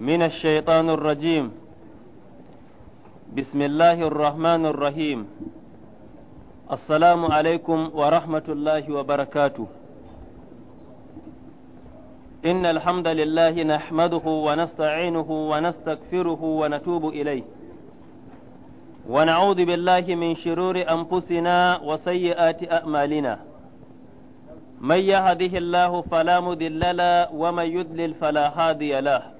من الشيطان الرجيم بسم الله الرحمن الرحيم السلام عليكم ورحمة الله وبركاته إن الحمد لله نحمده ونستعينه ونستغفره ونتوب إليه ونعوذ بالله من شرور أنفسنا وسيئات أعمالنا من يهده الله فلا مضل له ومن يضلل فلا هادي له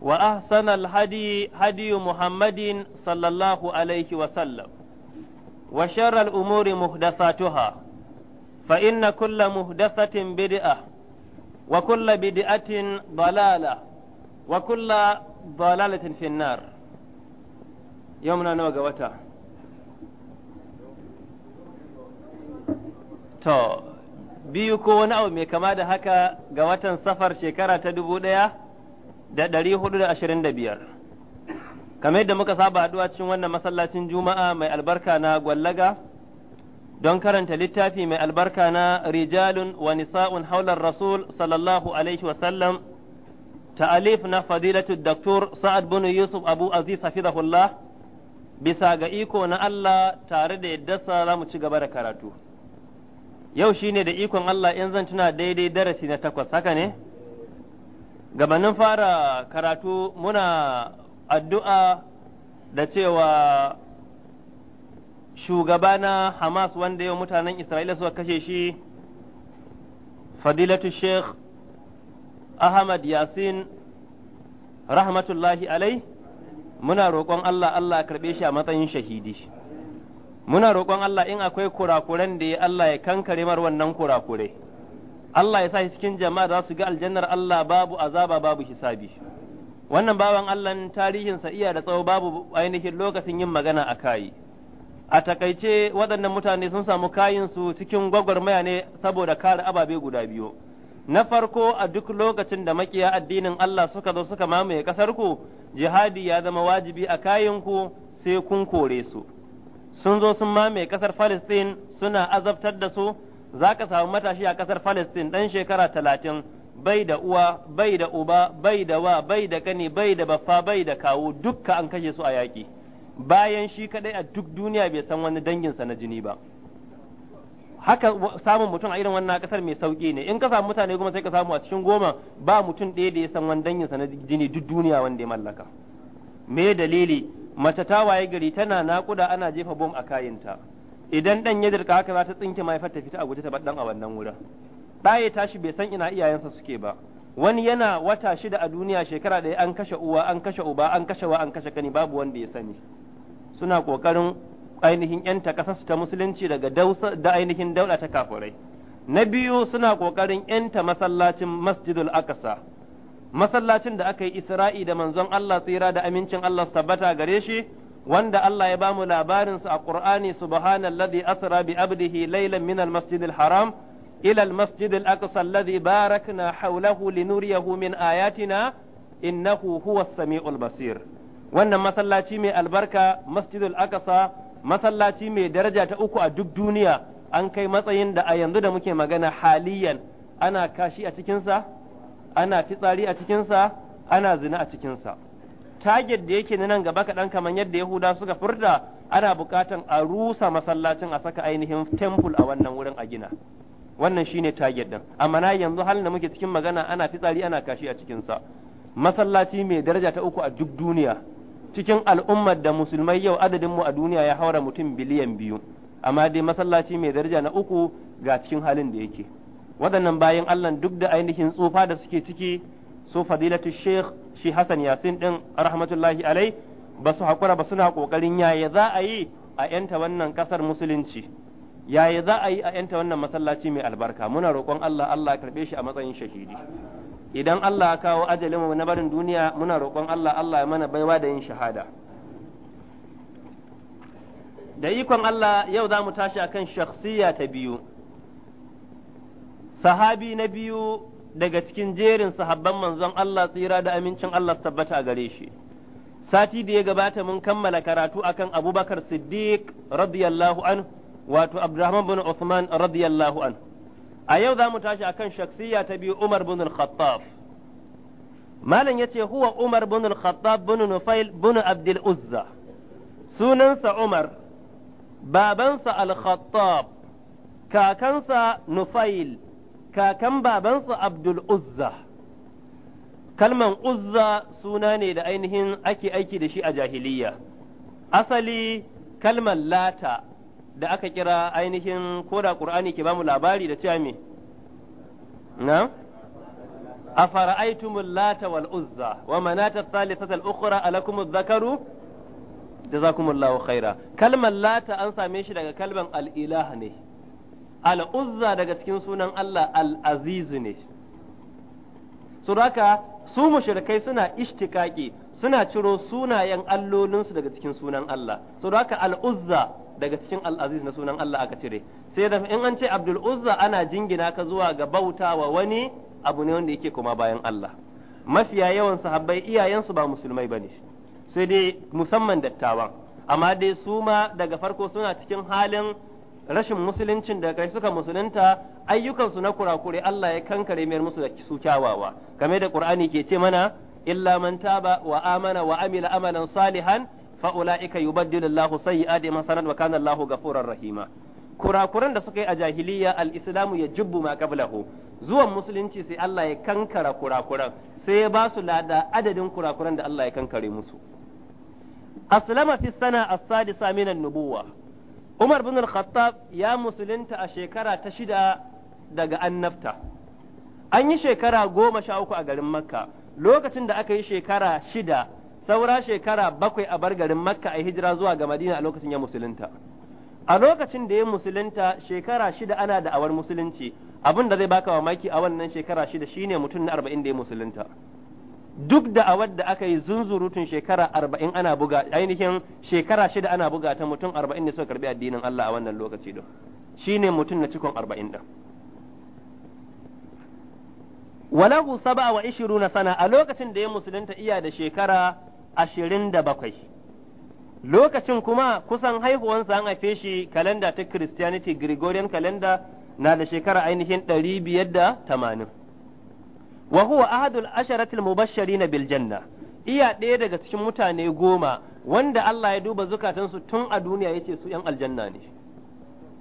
wa ahsan al hadi muhammadin sallallahu alaihi wa sallam wa shar al umuri muhdathatuha fa inna kulla muhdathatin bid'ah wa kulla bid'atin dalalah wa kulla dalalatin fi nar yomna no ga wata to biyu ko wani abu mai kama da haka ga watan safar shekara ta dubu ɗaya da ɗari hudu da ashirin da biyar kamar yadda muka saba haɗuwa cikin wannan masallacin juma'a mai albarka na gwallaga don karanta littafi mai albarka na rijalun wa nisa'un haular rasul sallallahu alaihi wasallam ta'alif na fadilatu daktur sa'ad bin yusuf abu aziz hafizahullah bisa ga iko na Allah tare da yaddarsa za mu ci gaba da karatu yau shine da ikon Allah in zan tuna daidai darasi na takwas haka ne gabanin fara karatu muna addu'a da cewa shugaba na Hamas wanda yau mutanen Isra'ila suka kashe shi, Fadilatu Sheikh Ahmad Yasin rahmatullahi alai, muna roƙon Allah Allah karɓe shi a matsayin shahidi. Muna roƙon Allah in akwai kurakuren da ya Allah ya kankare mar wannan kurakurai. Allah ya sa shi cikin jama'a za su ga aljannar Allah babu azaba babu hisabi wannan bawan Allah sa iya da tsawo babu ainihin lokacin yin magana a kai a takaice waɗannan mutane sun samu su cikin gwagwarmaya ne saboda kare ababe guda biyu na farko a duk lokacin da makiya addinin Allah suka zo suka mamaye kasar ku jihadi ya zama wajibi a ku sai kun kore su sun zo sun mamaye kasar Palestine suna azabtar da su za ka samu matashi a ƙasar Falistin ɗan shekara talatin bai da uwa bai da uba bai da wa bai da kani bai da baffa bai da kawo dukka an kashe su a yaƙi bayan shi kaɗai a duk duniya bai san wani danginsa na jini ba haka samun mutum a irin wannan ƙasar mai sauki ne in ka samu mutane kuma sai ka samu a cikin goma ba mutum ɗaya da ya san wani danginsa na jini duk duniya wanda ya mallaka me dalili mace ta waye gari tana naƙuda ana jefa bom a kayinta idan dan ya dirka haka za ta tsinke mahaifar ta fita a guje ta baddan a wannan wurin ba ya tashi bai san ina iyayensa suke ba wani yana wata shida a duniya shekara da an kashe uwa an kashe uba an kashe wa an kashe kani babu wanda ya sani suna kokarin ainihin yanta kasarsu ta musulunci daga da ainihin daula ta kafurai na biyu suna kokarin yanta masallacin masjidul akasa masallacin da aka yi isra'i da manzon Allah tsira da amincin Allah su tabbata gare shi wanda Allah ya bamu labarin sa a Qur'ani subhanallazi asra bi abdihi laylan min al-masjidil haram ila al-masjidil aqsa alladhi barakna hawlahu linuriyahu min ayatina innahu huwa samiul basir wannan masallaci mai albarka masjidul aqsa masallaci mai daraja ta uku a duk duniya an kai matsayin da a yanzu da muke magana haliyan ana kashi a cikinsa ana fitsari a cikinsa ana zina a cikinsa target da yake nan gaba kaɗan kamar yadda Yahuda suka furta ana buƙatan a rusa masallacin a saka ainihin temple a wannan wurin a gina wannan shine target din amma na yanzu halin da muke cikin magana ana fitsari ana kashi a cikinsa masallaci mai daraja ta uku a duk duniya cikin al'ummar da musulmai yau adadin mu a duniya ya haura mutum biliyan biyu amma dai masallaci mai daraja na uku ga cikin halin da yake waɗannan bayan Allah duk da ainihin tsufa da suke ciki su fadilatu sheikh shi Hassan Yasin din rahmatullahi alai ba su hakura ba suna kokarin yaya za a yi a yanta wannan kasar musulunci yaya za a yi a yanta wannan masallaci mai albarka muna roƙon Allah Allah karɓe shi a matsayin shahidi idan Allah ya kawo ajalin na barin duniya muna roƙon Allah Allah ya mana baiwa da yin shahada da ikon Allah yau za mu tashi akan shakhsiya ta biyu sahabi na biyu daga cikin jerin sahabban manzon Allah tsira da amincin Allah tabbata a gare shi sati da ya gabata mun kammala karatu akan Abubakar Siddiq radiyallahu an wato Abdurrahman bin Uthman radiyallahu an a yau za mu tashi akan shaksiya ta biyu Umar bin Al-Khattab malam yace huwa Umar bin Al-Khattab bin Nufail bin Abdul Uzza sunansa Umar babansa Al-Khattab kakansa Nufail kakan babansu Abdul Uzza kalman Uzza suna ne da ainihin ake aiki da shi a jahiliya asali kalman lata da aka kira ainihin koda Qur'ani ke bamu labari da cewa me na a fara'aitumul lata wal uzza wa manata thalithata al ukhra alakum adh-dhakaru jazakumullahu khaira Kalman lata an same shi daga kalman al ne al'uzza daga cikin sunan Allah al'azizu ne su haka su mushrikai suna ishtikaki suna ciro sunayen allolinsu daga cikin sunan Allah Suraka al'uzza daga cikin al'aziz na sunan Allah aka cire sai da in an ce Abdul'uzza ana jingina ka zuwa ga bauta wa wani abu ne wanda yake kuma bayan Allah mafiya yawan sahabbai iyayensu ba musulmai ba ne sai dai musamman dattawan amma dai su ma daga farko suna cikin halin rashin musuluncin da kai suka musulunta ayyukansu na kurakure Allah ya kankare mayar musu da su kyawawa kamar da Qur'ani ke ce mana illa man taba wa amana wa amila amalan salihan fa ulaika yubaddilu Allahu sayyi'ati hasanat wa kana Allahu ghafurar rahima kurakuran da suka yi a jahiliya al-islamu ya jubbu ma qablahu zuwan musulunci sai Allah ya kankara kurakuran sai ya ba su lada adadin kurakuran da Allah ya kankare musu aslama fi sana as-sadisa minan nubuwah Umar bin al-Khattab ya musulunta a shekara ta shida daga annabta. An yi shekara goma sha uku a garin Makka, lokacin da aka yi shekara shida, saura shekara bakwai a bar garin Makka a hijira zuwa ga Madina a lokacin ya musulunta. A lokacin da ya musulunta shekara shida ana da awar musulunci, abin da zai baka mamaki a wannan shekara shida shine mutum na arba'in da ya musulunta. duk da a wadda aka yi zunzurutun shekara arba'in ana buga ainihin shekara shida ana buga ta mutum arba'in ne suka karbi addinin Allah a wannan lokaci shi shine mutum na cikon arba'in din walahu saba wa na sana a lokacin da ya musulunta iya da shekara ashirin da bakwai lokacin kuma kusan haihuwansa an haife shi kalanda ta christianity gregorian kalanda na da shekara ainihin ɗari biyar da tamanin wa huwa ahadul asharatil mubashshirina bil janna iya ɗaya daga cikin mutane goma wanda Allah ya duba zukatansu tun a duniya yace su yan aljanna ne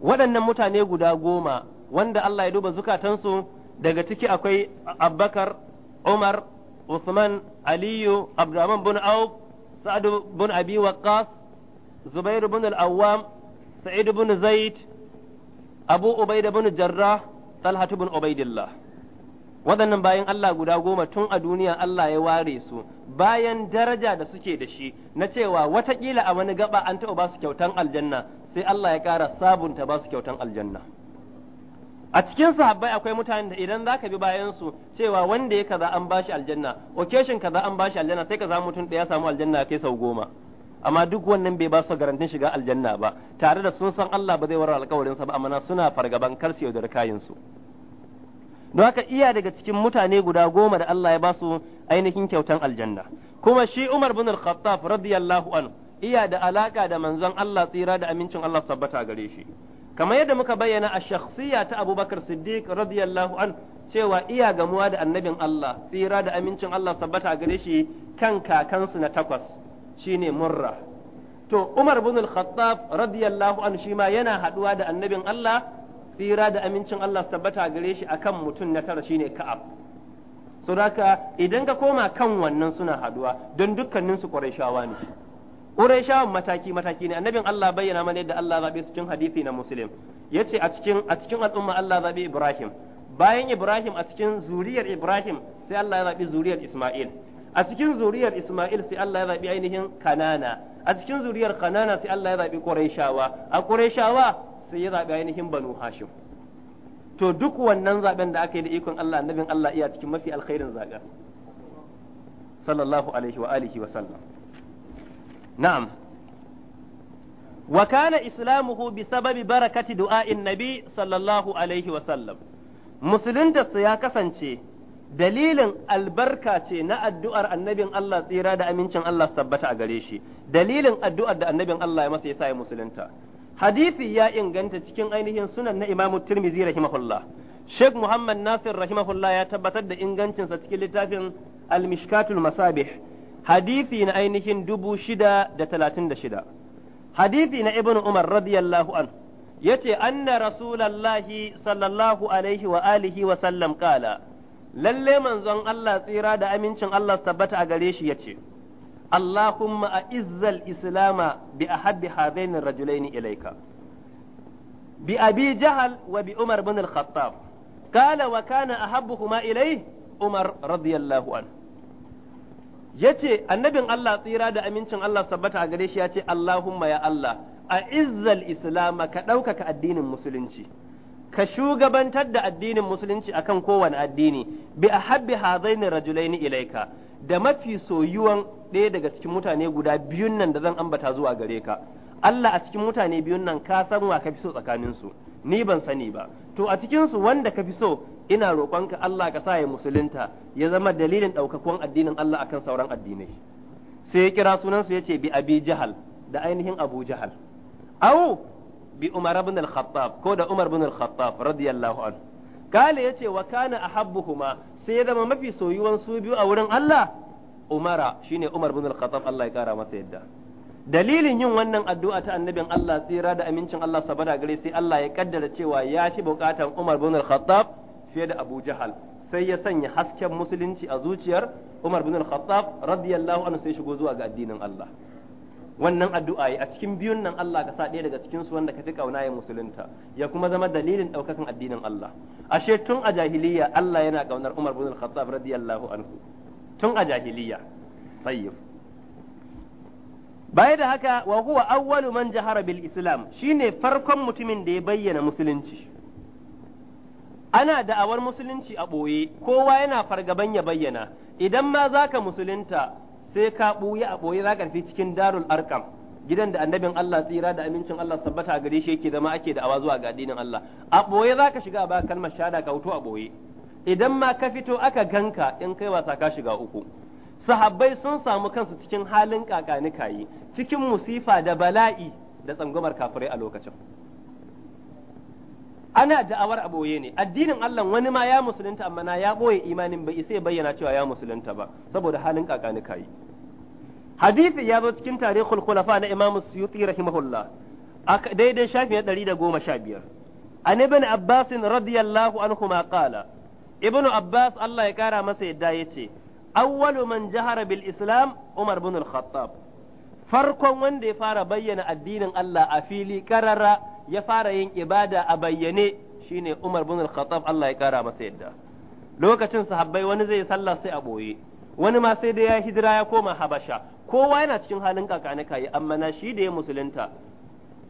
waɗannan mutane guda goma wanda Allah ya duba zukatansu daga ciki akwai Abubakar Umar Usman, Aliyu Abdurrahman bin Auf Sa'ad bin Abi Waqqas Zubair bin Al-Awwam Sa'id bin Zaid Abu Ubaida bin Jarrah Talha bin Ubaidillah waɗannan bayan Allah guda goma tun a duniya Allah ya ware su bayan daraja da suke da shi na cewa watakila a wani gaba an taɓa ba su kyautan aljanna sai Allah ya ƙara sabunta ba su kyautan aljanna a cikin sahabbai akwai mutanen da idan zaka bi bayan su cewa wanda ya kaza an bashi aljanna occasion kaza an bashi aljanna sai ka samu mutum ɗaya samu aljanna kai sau goma amma duk wannan bai ba su garantin shiga aljanna ba tare da sun san Allah ba zai warar alƙawarin ba amma suna fargaban kar su yaudar kayan su don haka iya daga cikin mutane guda goma da Allah ya ba su ainihin kyautan aljanna kuma shi Umar bin Al-Khattab radiyallahu anhu iya da alaka da manzon Allah tsira da amincin Allah sabbata gare shi kamar yadda muka bayyana a shakhsiya ta Abubakar Siddiq radiyallahu anhu cewa iya gamuwa da annabin Allah tsira da amincin Allah sabbata gare shi kan kakansu na takwas shine murra to Umar bin Al-Khattab radiyallahu anhu shi ma yana haduwa da annabin Allah tsira da amincin Allah su tabbata gare shi akan mutum na tara shine Ka'ab so haka idan ka koma kan wannan suna haduwa don dukkanin su Qurayshawa ne Qurayshawan mataki mataki ne annabin Allah bayyana mana yadda Allah zabe su cikin hadisi na Muslim yace a cikin a cikin al'umma Allah zabe Ibrahim bayan Ibrahim a cikin zuriyar Ibrahim sai Allah ya zabi zuriyar Isma'il a cikin zuriyar Ismail sai Allah ya zabi ainihin Kanana a cikin zuriyar Kanana sai Allah ya zabi Qurayshawa a Qurayshawa sai ya zaɓi ainihin banu hashim to duk wannan zaben da aka yi da ikon Allah annabin Allah iya cikin mafi alkhairin zaɓen sallallahu alaihi wa alihi wa sallam na'am wa kana islamuhu bi sababi barakati du'a'in nabi sallallahu alaihi wa sallam musulunta ya kasance dalilin albarka ce na addu'ar annabin Allah tsira da amincin Allah tabbata a gare shi dalilin addu'ar da annabin Allah ya masa yasa ya musulunta hadisi ya inganta cikin ainihin sunan na imamu tirmizi rahimahullah sheikh muhammad nasir rahimahullah ya tabbatar da ingancinsa cikin littafin al-mishkatul masabih hadisi na ainihin dubu shida da talatin da shida hadisi na ibn umar radiyallahu an ce anna rasulallahi sallallahu alaihi wa alihi wa sallam kala lalle manzon Allah tsira da amincin Allah tabbata a gare shi ya ce. اللهم أعز الإسلام بأحب هذين الرجلين إليك بأبي جهل وبعمر بن الخطاب قال وكان أحبهما إليه عمر رضي الله عنه yace annabin Allah tsira da amincin Allah sabbata a gare shi yace Allahumma ya Allah a izzal islama ka ɗaukaka addinin musulunci ka shugabantar da addinin musulunci akan kowane addini bi ahabbi hadaini rajulaini ilaika da mafi soyuwan ɗaya daga cikin mutane guda biyun nan da zan ambata zuwa gare ka Allah a cikin mutane biyun nan ka san wa ka fi so tsakanin su ni ban sani ba to a cikin su wanda ka fi so ina roƙonka Allah ka sa ya musulunta ya zama dalilin ɗaukakon addinin Allah akan sauran addinai sai ya kira sunan su yace bi abi jahal da ainihin abu jahal au bi umar ibn al-khattab ko da umar ibn al-khattab radiyallahu anhu kale yace wa kana ahabbuhuma sai ya zama mafi soyuwan su biyu a wurin Allah Umara shine Umar bin Al-Khattab Allah ya kara masa yadda dalilin yin wannan addu'a ta annabin Allah tsira da amincin Allah sabada gare sai Allah ya kaddara cewa ya fi bukatan Umar bin Al-Khattab fiye da Abu Jahal sai ya sanya hasken musulunci a zuciyar Umar bin Al-Khattab radiyallahu anhu sai shigo zuwa ga addinin Allah wannan addu'a a cikin biyun nan Allah ka sa ɗaya daga cikin su wanda ka fi kauna ya musulunta ya kuma zama dalilin ɗaukakan addinin Allah ashe tun a jahiliya Allah yana kaunar Umar bin Al-Khattab radiyallahu anhu tun a jahiliya tayyib baya da haka wa huwa awwalu man jahara bil islam shine farkon mutumin da ya bayyana musulunci ana da'awar musulunci a boye kowa yana fargaban ya bayyana idan ma zaka musulunta sai ka ɓoye a ɓoye za ka cikin darul arkam gidan da annabin Allah tsira da amincin Allah Sabbata a gare shi yake zama ake da awa zuwa ga addinin Allah a ɓoye za ka shiga ba kalmar shahada ka wuto a ɓoye idan ma ka fito aka ganka in kai wasa ka shiga uku sahabbai sun samu kansu cikin halin kakanikayi cikin musifa da bala'i da tsangwamar kafirai a lokacin ana da'awar a boye ne addinin Allah wani ma ya musulunta amma na ya boye imanin bai sai bayyana cewa ya musulunta ba saboda halin kakani kai hadisi ya zo cikin tarihul khulafa na Imam Suyuti rahimahullah daidai shafi na 115 an ibn Abbas radiyallahu ma qala ibn Abbas Allah ya kara masa yadda yace awwalu man jahara bil islam Umar ibn al-Khattab farkon wanda ya fara bayyana addinin Allah a fili karara ya fara yin ibada a bayyane shine Umar bin Al-Khattab Allah ya kara masa yadda lokacin sahabbai wani zai sallah sai a boye wani ma sai da ya hijira ya koma Habasha kowa yana cikin halin kakanika kai amma na shi da ya musulunta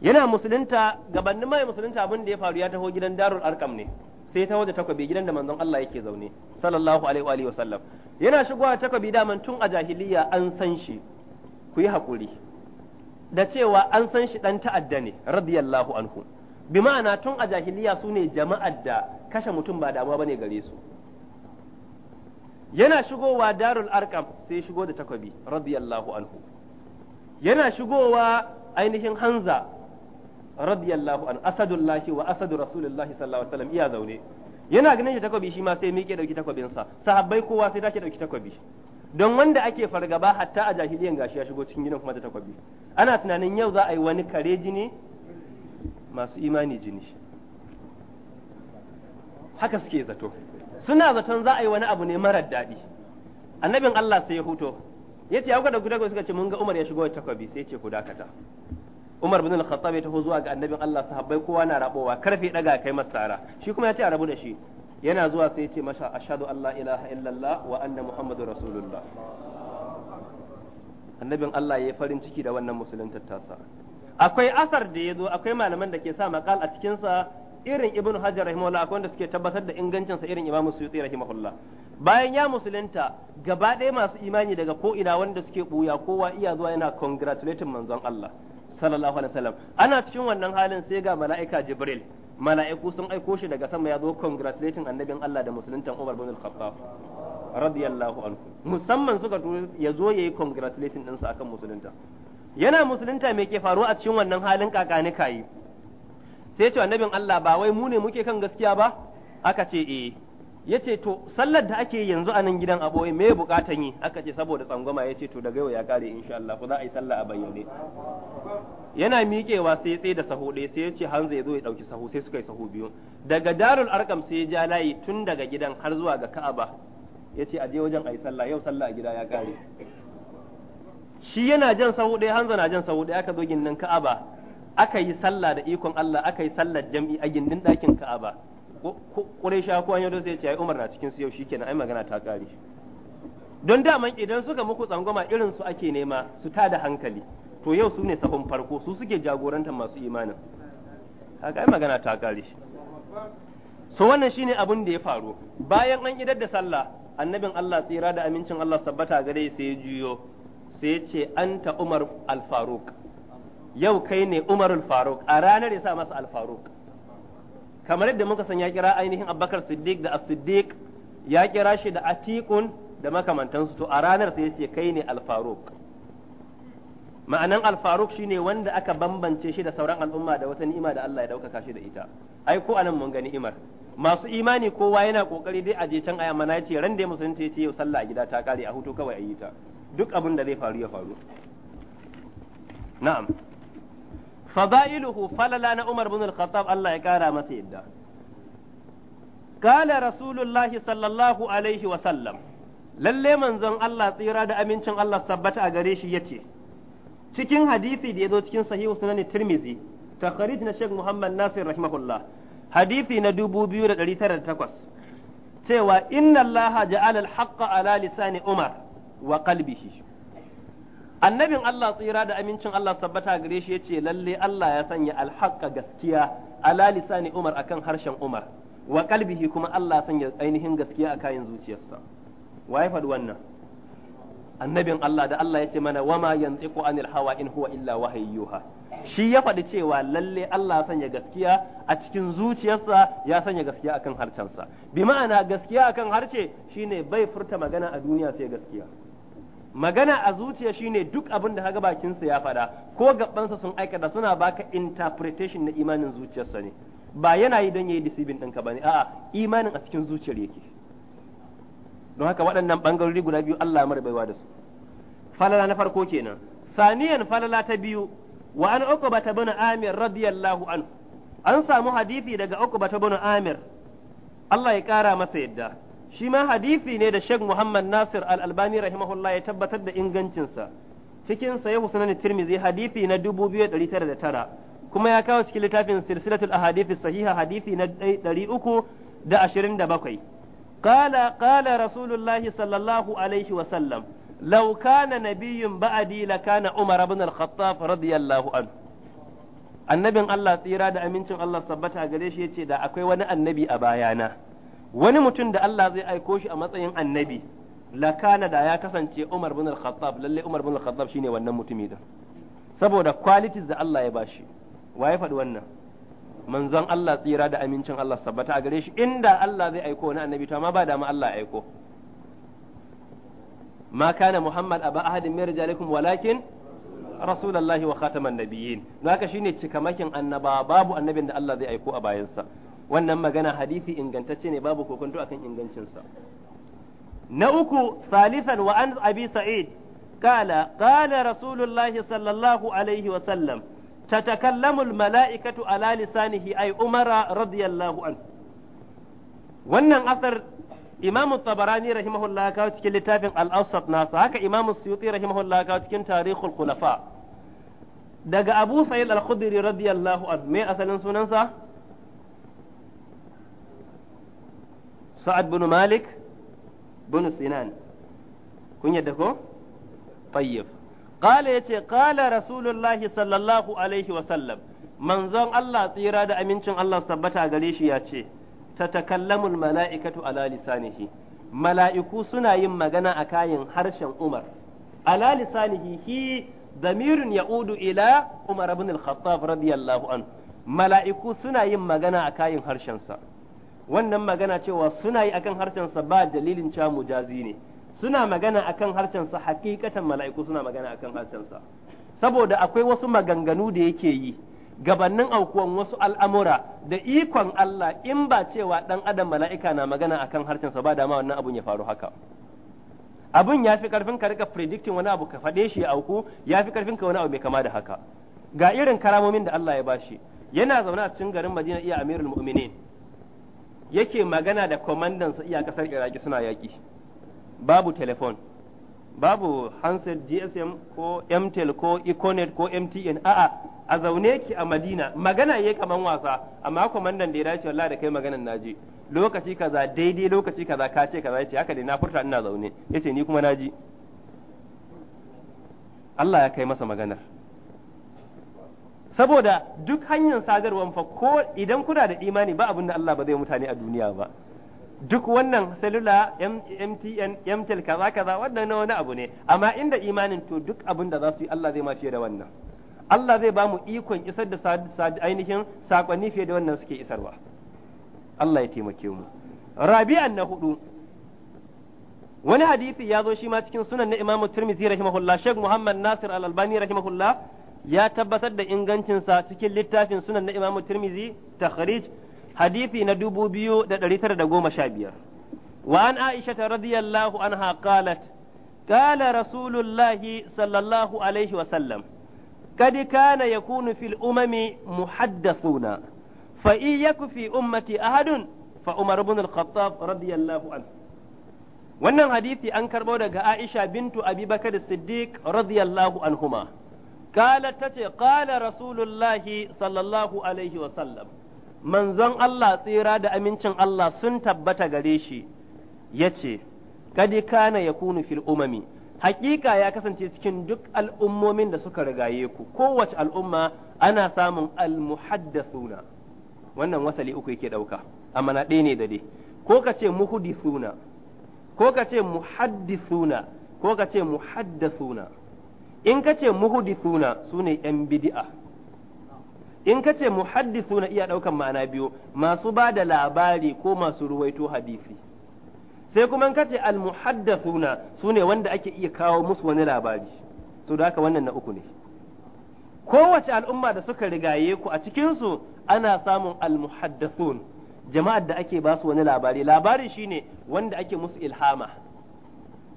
yana musulunta gabanin mai musulunta abin da ya faru ya taho gidan Darul Arkam ne sai ta waje takobi gidan da manzon Allah yake zaune sallallahu alaihi wa sallam yana shigowa takobi daman tun a jahiliya an san shi ku yi haƙuri da cewa an san shi ɗan ta'adda ne radiyallahu anhu bi ma'ana tun a jahiliya su ne jama'ar da kashe mutum ba damuwa ba ne gare su yana shigowa darul arkam sai shigo da takwabi radiyallahu anhu yana shigowa ainihin hanza radiyallahu anhu asadullahi wa asadu rasulullahi sallallahu alaihi wasallam iya zaune yana ganin shi takwabi shi ma sai miƙe dauki takwabinsa. sahabbai kowa sai dace dauki takwabi. don wanda ake fargaba hatta a jahiliyan gashi ya shigo cikin gidan kuma da takwabi ana tunanin yau za a yi wani kare jini masu imani jini haka suke zato suna zaton za a yi wani abu ne marar daɗi annabin Allah sai ya huto ya ce da guda suka ce mun ga Umar ya shigo da takwabi sai ya ce ku dakata Umar bin Al-Khattab ya taho zuwa ga annabin Allah sahabbai kowa na rabowa karfe daga kai masara shi kuma ya ce a rabu da shi yana zuwa sai ce masa ashadu Allah ilaha illallah wa anna Muhammadu rasulullah annabin Allah ya yi farin ciki da wannan musuluntar tasa akwai asar da ya zo akwai malaman da ke sa maƙal a cikinsa irin ibn hajar rahimahullah akwai wanda suke tabbatar da ingancinsa sa irin imam suyuti rahimahullah bayan ya musulunta gaba ɗaya masu imani daga ko ina wanda suke buya kowa iya zuwa yana congratulating manzon Allah sallallahu alaihi wasallam ana cikin wannan halin sai ga mala'ika jibril mala'iku sun aiko shi daga sama ya zo congratulating annabin Allah da musuluntan Umar bin Al-Khattab radiyallahu anhu musamman suka ya zo yayi congratulating sa akan musulunta yana musulunta me ke faruwa a cikin wannan halin kakani kayi sai ce annabin Allah ba wai mu ne muke kan gaskiya ba aka ce eh yace to sallar da ake yanzu a nan gidan aboye me bukatan yi aka ce saboda tsangwama yace to daga yau ya kare insha Allah ku za a yi sallah a bayyane yana miƙewa sai tsaye da saho ɗaya sai yace hanzu ya zo ya ɗauki saho sai suka yi saho biyu daga darul arkam sai ya ja layi tun daga gidan har zuwa ga ka'aba ce a je wajen a yi sallah yau sallah a gida ya kare shi yana jan saho ɗaya hanzu na jan saho ɗaya aka zo gindin ka'aba aka yi sallah da ikon Allah aka yi sallar jam'i a gindin ɗakin ka'aba Quraysha ko an yado sai ce yi Umar na cikinsu su ai magana ta don daman idan suka muku tsangwama irin su ake nema su ta da hankali to yau su ne sahun farko su suke jagorantar masu imanin haka ai magana ta kare so wannan shine abin da ya faru bayan an idar da sallah annabin Allah tsira da amincin Allah sabbata gare sai ya juyo sai ya ce anta Umar al-Faruq yau kai ne Umar Faruk, a ranar ya sa masa al-Faruq kamar yadda muka san ya kira ainihin Abubakar Siddiq da As-Siddiq ya kira shi da Atiqun da makamantansu to a ranar sai ce kai ne alfaruk faruq ma'anan Al-Faruq shine wanda aka bambance shi da sauran al'umma da wata ni'ima da Allah ya daukaka shi da ita ai ko anan mun ga ni'imar masu imani kowa yana kokari dai a je can aya mana yace ran da musulunci yace yau sallah a gida ta kare a hutu kawai ayi ta duk abin da zai faru ya faru na'am fada'iluhu falala na Umar bin al-Khattab Allah ya kara masa yadda kala rasulullahi sallallahu alaihi wa sallam lalle manzon Allah tsira da amincin Allah sabbata a gare shi yace cikin hadisi da yazo cikin sahihu sunan tirmizi takhrij na Sheikh Muhammad Nasir rahimahullah hadisi na 2908 cewa inna Allah ja'ala al-haqqa ala lisani Umar wa qalbihi annabin Allah tsira da amincin Allah sabbata gare shi yace lalle Allah ya sanya alhaqqa gaskiya ala lisani Umar akan harshen Umar wa kalbihi kuma Allah sanya ainihin gaskiya a kayan zuciyarsa waye faɗi wannan annabin Allah da Allah ya ce mana wama yantiqu anil hawa in huwa illa wahayyuha shi ya faɗi cewa lalle Allah sanya gaskiya a cikin zuciyarsa ya sanya gaskiya akan harcensa bi ma'ana gaskiya akan harce shine bai furta magana a duniya sai gaskiya magana a zuciya shine duk abin da bakin bakinsa ya faɗa ko gabansa sun aikata suna baka interpretation na imanin zuciyarsa ne ba yana yi don yayi disibin ɗinka bane a'a imanin a cikin zuciyar yake don haka waɗannan bangarori guda biyu Allah mara baiwa da su falala na farko kenan saniyan falala ta biyu wa an ukuba ta bin amir radiyallahu anhu an samu hadisi daga ukuba ta bin amir Allah ya kara masa yadda shi ma hadisi ne da Sheikh Muhammad Nasir Al-Albani rahimahullah ya tabbatar da ingancinsa cikin sahihu sunan Tirmidhi hadisi na 2909 kuma ya kawo cikin littafin silsilatul ahadithi sahiha hadisi na 327 qala qala rasulullahi sallallahu alaihi wa sallam law kana nabiyyun ba'di lakana umar ibn al-khattab radiyallahu anhu annabin Allah tsira da amincin Allah sabbata gare shi yace da akwai wani annabi a bayana wani mutum da Allah zai aiko shi a matsayin annabi lakana da ya kasance Umar bin Al-Khattab lalle Umar bin Al-Khattab shine wannan mutumi din saboda qualities da Allah ya bashi waye faɗi wannan manzon Allah tsira da amincin Allah sabbata a gare shi inda Allah zai aiko wani annabi to amma ba da mu Allah ya aiko ma kana Muhammad aba ahadin min rijalikum walakin rasulullahi wa khataman nabiyyin shi shine cikamakin annaba babu annabin da Allah zai aiko a bayansa wannan magana hadisi ingantacce ne babu kokonto akan ingancinsa na uku salisan wa an abi sa'id kala kala rasulullahi sallallahu alaihi wa sallam takallamul mala'ikatu ala lisanihi ai umara radiyallahu an. wannan asar imamu tabarani rahimahullah kawo cikin littafin al nasa haka imamu suyuti rahimahullah kawo cikin tarihul khulafa daga abu sa'id al-khudri radiyallahu an me asalin sunansa sa'ad bin malik bin sinan kun yadda ko tayyib qala yace qala rasulullahi sallallahu alaihi wa sallam manzon Allah tsira da amincin Allah sabbata gare shi ya ce tatakallamu mala'ikatu ala lisanihi mala'iku suna yin magana a kayan harshen Umar ala lisanihi hi damirun ya'udu ila Umar ibn al-Khattab radiyallahu anhu mala'iku suna yin magana a kayan harshensa wannan magana cewa suna yi akan sa ba dalilin cewa mujazi ne suna magana akan sa hakikatan mala'iku suna magana akan sa saboda akwai wasu maganganu da yake yi gabannin aukuwan wasu al'amura da ikon Allah in ba cewa dan adam mala'ika na magana akan sa ba dama wannan abun ya faru haka abun ya fi karfin ka rika predicting wani abu ka faɗe shi ya auku ya fi karfin ka wani abu mai kama da haka ga irin karamomin da Allah ya bashi yana zaune a cikin garin Madina iya Amirul Mu'minin yake magana da kwamandan sa iya kasar iraki suna yaki babu telefon babu handset gsm ko mtel ko econet ko mtn a'a a zaune ki a madina magana yayi kaman wasa amma kwamandan da ya dace wallahi da kai maganan naji lokaci kaza daidai lokaci kaza ka ce kaza yace haka dai na furta ina zaune yace ni kuma naji Allah ya kai masa maganar saboda duk hanyar sadarwar fa ko idan kuna da imani ba abin da Allah ba zai mutane a duniya ba duk wannan salula MTN MTL kaza kaza wannan na wani abu ne amma inda imanin to duk abin da za su yi Allah zai ma fiye da wannan Allah zai ba mu ikon isar da ainihin sakonni fiye da wannan suke isarwa Allah ya taimake mu rabi'an na hudu wani hadisi ya zo shi ma cikin sunan na Imam Tirmidhi rahimahullah Sheikh Muhammad Nasir Al-Albani rahimahullah ya tabbatar da ingancinsa cikin littafin sunan na Imam Tirmizi takhrij hadisi na 2915 wa an Aisha radiyallahu an qalat qala rasulullahi sallallahu alaihi wa sallam قد كان يكون في الأمم محدثون فإن يك في أمتي fa Umar بن al رضي radiyallahu an. wannan hadisi an karɓo daga Aisha bintu Abi Bakar Siddiq radiyallahu anhuma kala تتي قال rasulullahi الله صلى الله عليه وسلم manzon Allah tsira da amincin Allah sun tabbata gare shi ya ce, Kadi kana ya kunu fil umami, hakika ya kasance cikin duk al'ummomin da suka rigaye ku, kowace al'umma ana samun almuhaddathuna wannan wasali uku yake ɗauka, amma na ɗaya ne da dai, ko ka ce muhudithuna, ko ka ce muhaddithuna, ko ka ce muhaddathuna. in ka ce su sune yan bid'a in ka ce muhaddithuna iya ɗaukan ma'ana biyu masu ba da labari ko masu ruwaito hadisi sai kuma in ka ce almuhaddathuna su sune wanda ake iya kawo musu wani labari su da haka wannan na uku ne kowace al'umma da suka rigaye ku a cikinsu ana samun almuhaddathun jama'ar da ake basu wani labari labari shine wanda ake musu ilhama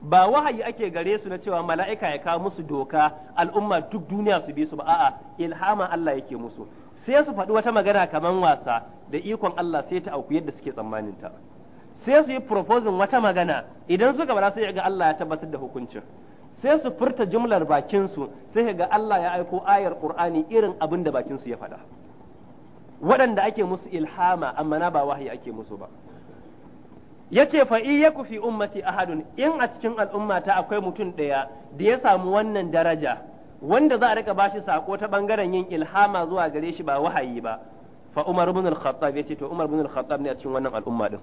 ba wahayi ake gare su na cewa mala'ika ya kawo musu doka al'umma duk duniya su bi su ba a'a ilhama Allah yake musu sai su faɗi wata magana kaman wasa da ikon Allah sai ta auku yadda suke tsammanin ta sai su yi proposing wata magana idan suka bara sai ga Allah ya tabbatar da hukuncin sai su furta jumlar bakin su sai ga Allah ya aiko ayar Qur'ani irin abin da bakin su ya faɗa waɗanda ake musu ilhama amma na ba wahayi ake musu ba Ya ce fa kufi fi ummati hadun in a cikin al'umma ta akwai mutum ɗaya da ya samu wannan daraja wanda za a rika bashi sako ta bangaren yin ilhama zuwa gare shi ba wahayi ba fa Umar ibn al-Khattab yace to Umar ibn al-Khattab ne a cikin wannan al'umma din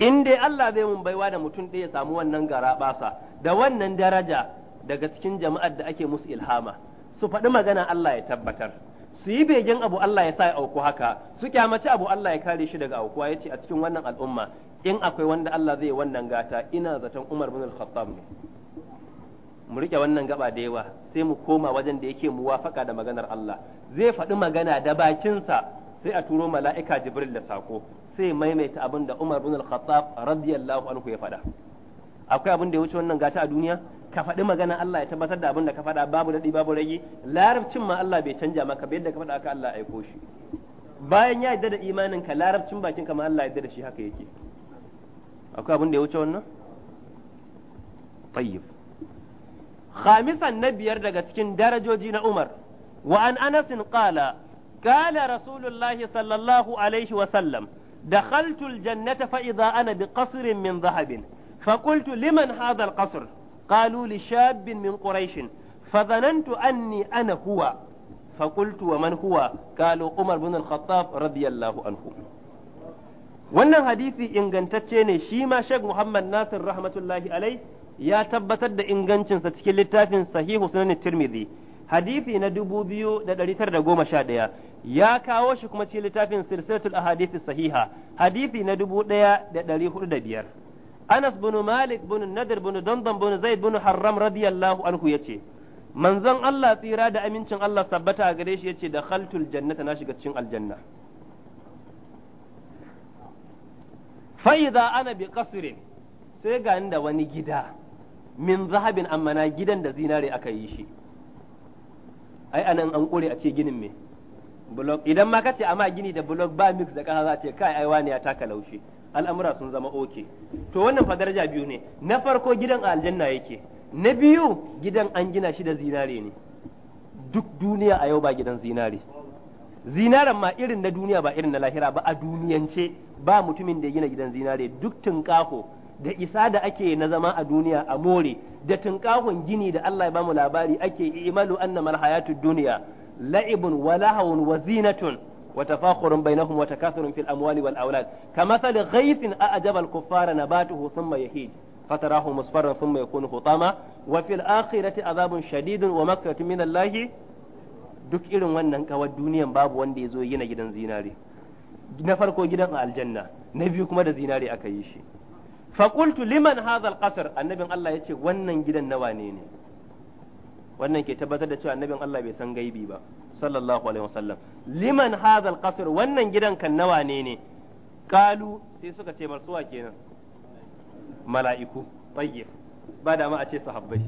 in dai Allah zai mun baiwa da mutum ɗaya ya samu wannan garaɓasa da wannan daraja daga cikin jama'ar da ake musu ilhama su faɗi magana Allah ya tabbatar su yi begen abu Allah ya sa ya auku haka su kyamaci abu Allah ya kare shi daga aukuwa yace a cikin wannan al'umma in akwai wanda Allah zai wannan gata ina zaton Umar bin Al-Khattab ne mu rike wannan gaba da yawa sai mu koma wajen da yake muwafaka da maganar Allah zai faɗi magana da bakinsa sai a turo mala'ika Jibril da sako sai maimaita abin da Umar bin Al-Khattab radiyallahu anhu ya faɗa akwai abin da ya wuce wannan gata a duniya ka faɗi magana Allah ya tabbatar da abin da ka faɗa babu daɗi babu rage larabcin ma Allah bai canja maka ba yadda ka faɗa ka Allah ya aiko shi bayan ya yarda da imanin ka larabcin bakin ka ma Allah ya yarda da shi haka yake akwai abin da ya wuce wannan tayyib khamisan na biyar daga cikin darajoji na Umar wa an Anas qala qala rasulullahi sallallahu alaihi wa sallam دخلت الجنة فإذا أنا بقصر من ذهب فقلت لمن هذا القصر قالوا لشاب من قريش فظننت أني أنا هو فقلت ومن هو قالوا عمر بن الخطاب رضي الله عنه wannan hadisi ingantacce ne shi ma Sheikh Muhammad Nasir rahmatullahi alai ya tabbatar da ingancinsa cikin littafin Sahihu Sunan Tirmidhi hadisi na 2911 ya kawo shi kuma cikin littafin Silsilatul Ahadith Sahiha hadisi na 1405 Anas bin Malik bin Nadir bin Dandan bin Zaid bin Harram radiyallahu anhu yace manzon Allah tsira da amincin Allah sabbata gare shi yace da khaltul jannata na shiga cikin aljanna fa'iza ana bi kasurin sai ga da wani gida min zahabin amma gidan da zinare aka yi shi ai anan an kore a ce ginin me blog idan ma kace amma gini da blog ba mix da kasa za ce kai ai wani ya taka laushi. al'amura sun zama oke to wannan fa daraja biyu ne na farko gidan aljanna yake na biyu gidan an gina shi da zinare ne duk duniya a yau ba gidan zinare zinaren ma irin na duniya ba irin na lahira ba a duniyance ba mutumin da ya gina gidan zinare duk tunƙaho da isa da ake na zama a duniya a more da tunƙahon gini da Allah ya bamu labari ake imalu annamal hayatud duniya la'ibun wa lahawun wa zinatun wa tafakhurun bainahum wa takathurun fil amwali wal aulad kamathal ghaythin a'jaba al kuffara nabatuhu thumma yahij فتراه مصفرا ثم يكون حطاما وفي الآخرة عذاب شديد ومكرة من الله duk irin wannan kawar duniyan babu wanda ya zo gina gidan zinari. na farko gidan a aljanna na biyu kuma da zinare aka yi shi faƙultu liman hazal ƙasar annabin Allah ya ce wannan gidan na wane ne wannan ke tabbatar da cewa annabin Allah bai san gaibi ba sallallahu alaihi wasallam liman hazal ƙasar wannan gidan kan na wane ne kalu sai suka ce marsuwa kenan mala'iku tayyib ba da ma a ce sahabbai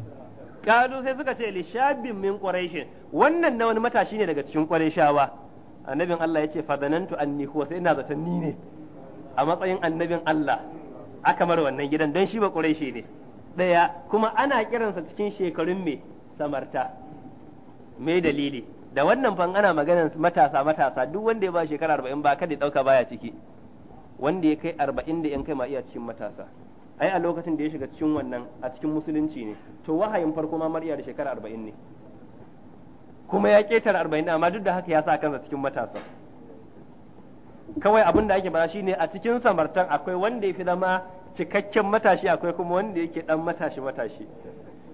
kalu sai suka ce lishabin min quraish wannan na wani matashi ne daga cikin quraishawa annabin Allah ya fadanantu anni huwa sai ina zaton ni ne a matsayin annabin Allah aka mar wannan gidan don shi ba quraishi ne daya kuma ana kiransa cikin shekarun me samarta me dalili da wannan fan ana maganar matasa matasa duk wanda ya ba shekara 40 ba kada ya dauka baya ciki wanda ya kai 40 da yan kai ma iya cikin matasa ai a lokacin da ya shiga cikin wannan a cikin musulunci ne to wahayin farko ma mar'iya da shekara arba'in ne kuma ya ƙetare arba'in amma duk da haka ya sa kansa cikin matasa kawai abin da ake bara shine a cikin samartan akwai wanda ya fi zama cikakken matashi akwai kuma wanda yake dan matashi matashi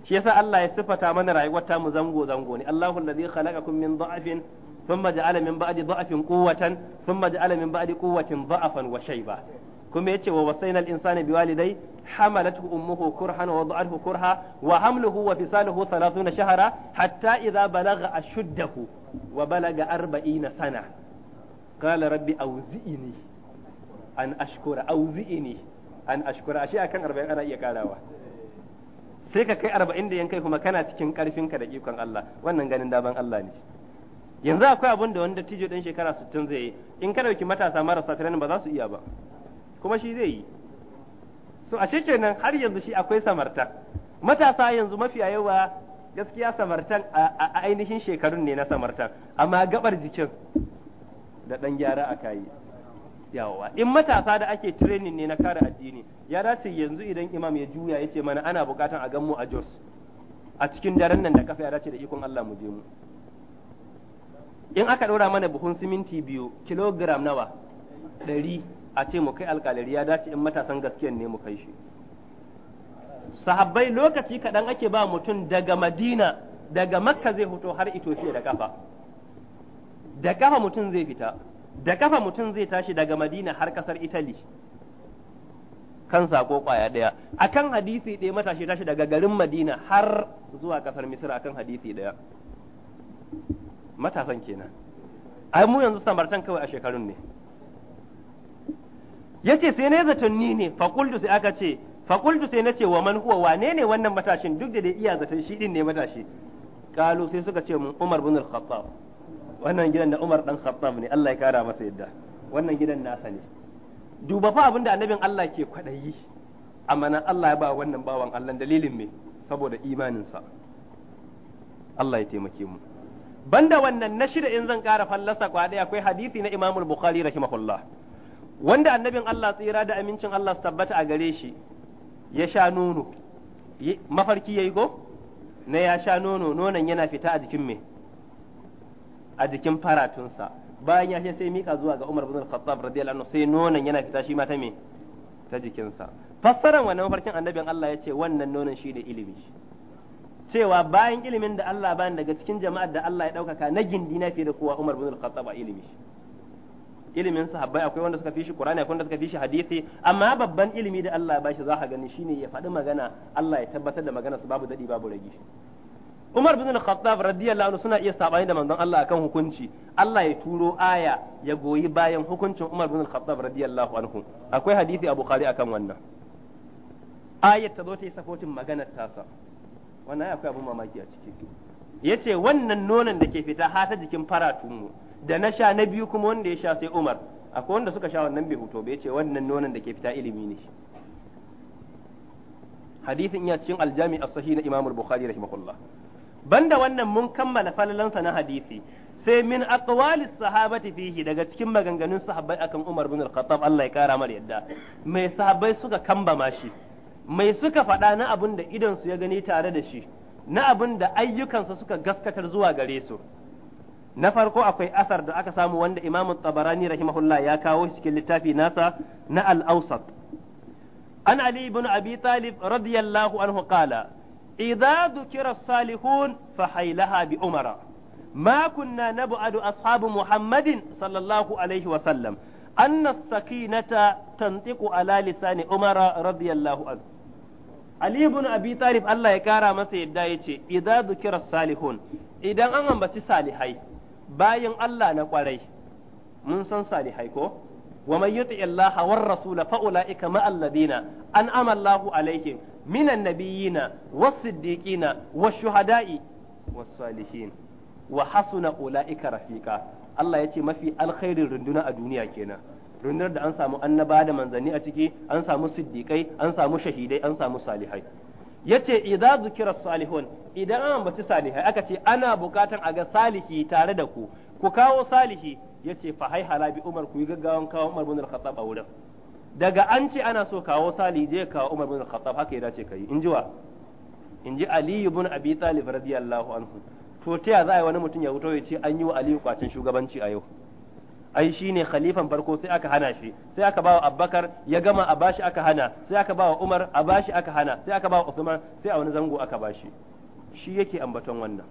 shi yasa Allah ya sifata mana rayuwar ta mu zango zango ne Allahu allazi khalaqakum min dha'fin thumma ja'ala min ba'di dha'fin quwwatan thumma ja'ala min ba'di quwwatin dha'fan wa shayba kuma yace wa wasainal insana biwalidai حملته أمه كرها ووضعته كرها وحمله وفصاله ثلاثون شهرا حتى إذا بلغ أشده وبلغ أربعين سنة قال ربي أوزئني أن أشكر أوزئني أن أشكر أشياء كان أربعين أنا sai ka kai arba'in da yankai kuma kana cikin karfinka da ikon Allah wannan ganin daban Allah ne yanzu akwai abin da wanda tijo ɗin shekara sittin zai yi in ka ɗauki matasa marasa tunanin ba za su iya ba kuma shi zai yi so ashe kenan har yanzu shi akwai samarta matasa yanzu mafiya yawa gaskiya samartan a ainihin shekarun ne na samartan amma gabar jikin da dan gyara aka yi yawa in matasa da ake training ne na kare addini ya dace yanzu idan imam ya juya ya ce mana ana bukatan a gan mu a Jos a cikin daren nan da kafa ya dace da ikon Allah mu je mu in aka ɗora mana buhun siminti biyu kilogram nawa ɗari a ce mu kai alƙalari ya dace in matasan gaskiyan ne mu kai shi sahabbai lokaci kaɗan ake ba mutum daga madina daga makka zai fito har itofiya da kafa da kafa mutum zai fita da kafa mutum zai tashi daga madina har kasar itali kan sako kwaya ɗaya akan hadisi ɗaya matashi tashi daga garin madina har zuwa kasar misira akan hadisi ɗaya matasan kenan ai mu yanzu samartan kawai a shekarun ne yace sai ne zaton ni ne fa qultu sai aka ce fa qultu sai nace wa man huwa wane ne wannan matashin duk da dai iya zaton shi din ne matashi kalu sai suka ce mun Umar bin al-Khattab wannan gidan da Umar dan Khattab ne Allah ya kara masa yadda wannan gidan nasa ne duba fa abinda annabin Allah ke kwadayi amma nan Allah ya ba wannan bawan Allah dalilin me saboda imaninsa Allah ya taimake mu banda wannan na shida in zan kara fallasa kwa akwai hadisi na Imam Bukhari rahimahullah wanda annabin Allah tsira da amincin Allah su tabbata a gare shi ya sha nono mafarki ya yi go na ya sha nono nonon yana fita a jikin me a jikin faratunsa bayan ya sha sai mika zuwa ga Umar bin Khattab radiyallahu anhu sai nonon yana fita shi ma ta me ta jikinsa fassaran wannan mafarkin annabin Allah ya ce wannan nonon shi ne ilimi cewa bayan ilimin da Allah bayan daga cikin jama'ar da Allah ya ɗaukaka na gindi na fiye da kowa Umar bin Khattab a ilimi ilimin sahabbai akwai wanda suka fi shi Qur'ani akwai wanda suka fi shi hadisi amma babban ilimi da Allah ya bashi za ka gani shine ya faɗi magana Allah ya tabbatar da magana su babu dadi babu ragi Umar bin Al-Khattab radiyallahu anhu suna iya sabani da manzon Allah akan hukunci Allah ya turo aya ya goyi bayan hukuncin Umar bin Al-Khattab radiyallahu anhu akwai hadisi a Bukhari akan wannan ayat ta zo ta yi sapotin maganar tasa wannan akwai abun mamaki a ciki yace wannan nonon da ke fita ha ta jikin faratunmu mu da na sha na biyu kuma wanda ya sha sai Umar akwai wanda suka sha wannan bai hoto bai ce wannan nonon da ke fita ilimi ne hadisin iya cikin aljami as-sahih na Imam al-Bukhari rahimahullah banda wannan mun kammala falalansa na hadisi sai min aqwalis sahabati fihi daga cikin maganganun sahabbai akan Umar bin Al-Khattab Allah ya kara mar yadda mai sahabbai suka kambama shi mai suka faɗa na abun da idon su ya gani tare da shi na abun da ayyukansa suka gaskatar zuwa gare su na farko akwai asar da aka samu wanda imamu tabarani rahimahullah ya kawo shi cikin littafi nasa na al-awsat an ali ibn abi talib radiyallahu anhu qala idza dhukira salihun fa haylaha bi umara ma kunna nab'adu ashabu muhammadin sallallahu alaihi wa sallam anna as-sakinata tantiqu ala lisani umara radiyallahu anhu Ali Abi Talib Allah ya kara masa yadda yace idza dhukira salihun idan an ambaci salihai Bayan Allah na kwarai mun san salihai ko wa man yuti Allah war rasula fa ulaika ma alladina an'ama Allahu alaihim minan nabiyina was siddiqina was shuhada'i was salihin wa hasuna ulaika rafiqa Allah ya ce mafi alkhairin runduna a duniya kenan rundunar da an samu annaba da manzanni a ciki an samu siddiqai an samu shahidai an samu salihai yace idza zikira salihun idan an bace salihai aka ce ana bukatan a ga salihi tare da ku ku kawo salihi yace fa hai hala bi umar ku yi gaggawan kawo umar bin al-khattab a wurin daga an ce ana so kawo salihi je kawo umar bin al-khattab haka ya dace kai in ji wa in ji ali ibn abi talib radiyallahu anhu to ta ya za a yi wani mutum ya wuto ya ce an yi wa ali kwacin shugabanci a yau ai ne khalifan farko sai aka hana shi sai aka bawa Abubakar ya gama a bashi aka hana sai aka bawa Umar a bashi aka hana sai aka bawa usman sai a wani zango aka bashi shi yake ambaton wannan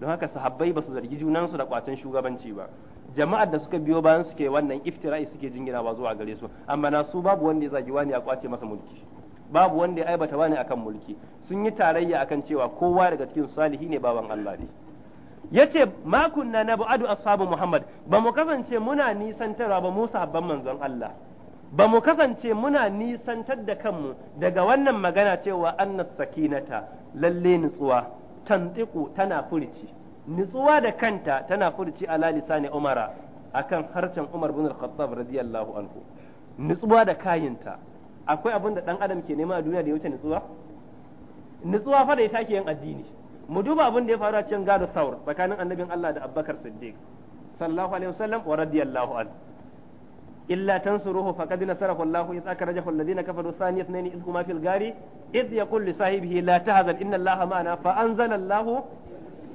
don haka sahabbai ba su zargi junansu da kwacen shugabanci ba jama'ar da suka biyo bayan suke wannan iftira'i suke jingina ba zuwa gare su amma na su babu wanda ya zagi wani ya kwace masa mulki babu wanda ya aibata wani akan mulki sun yi tarayya akan cewa kowa daga cikin salihi ne baban Allah ne yace ma na bu'adu ashabu Muhammad ba mu kasance muna nisantarwa ba musa sahabban manzon Allah ba mu kasance muna nisantar da kanmu daga wannan magana cewa annas sakinata lalle nutsuwa tantiku tana furici nutsuwa da kanta tana furici lalisa ne umara a kan harcen Umar bin al radiyallahu anhu nutsuwa da kayinta akwai abin da dan adam ke nema a duniya da ya wuce nutsuwa nutsuwa fa da ke yin addini mu duba abin da ya faru a cikin gado saur tsakanin annabin Allah da Abubakar Siddiq sallallahu alaihi wasallam wa radiyallahu an illa tansuruhu faqad nasarahu Allah idh akhrajahu alladhina kafaru thani ithnaini idh huma fil gari idh yaqul li sahibihi la tahzan inna Allah ma'ana fa anzala Allah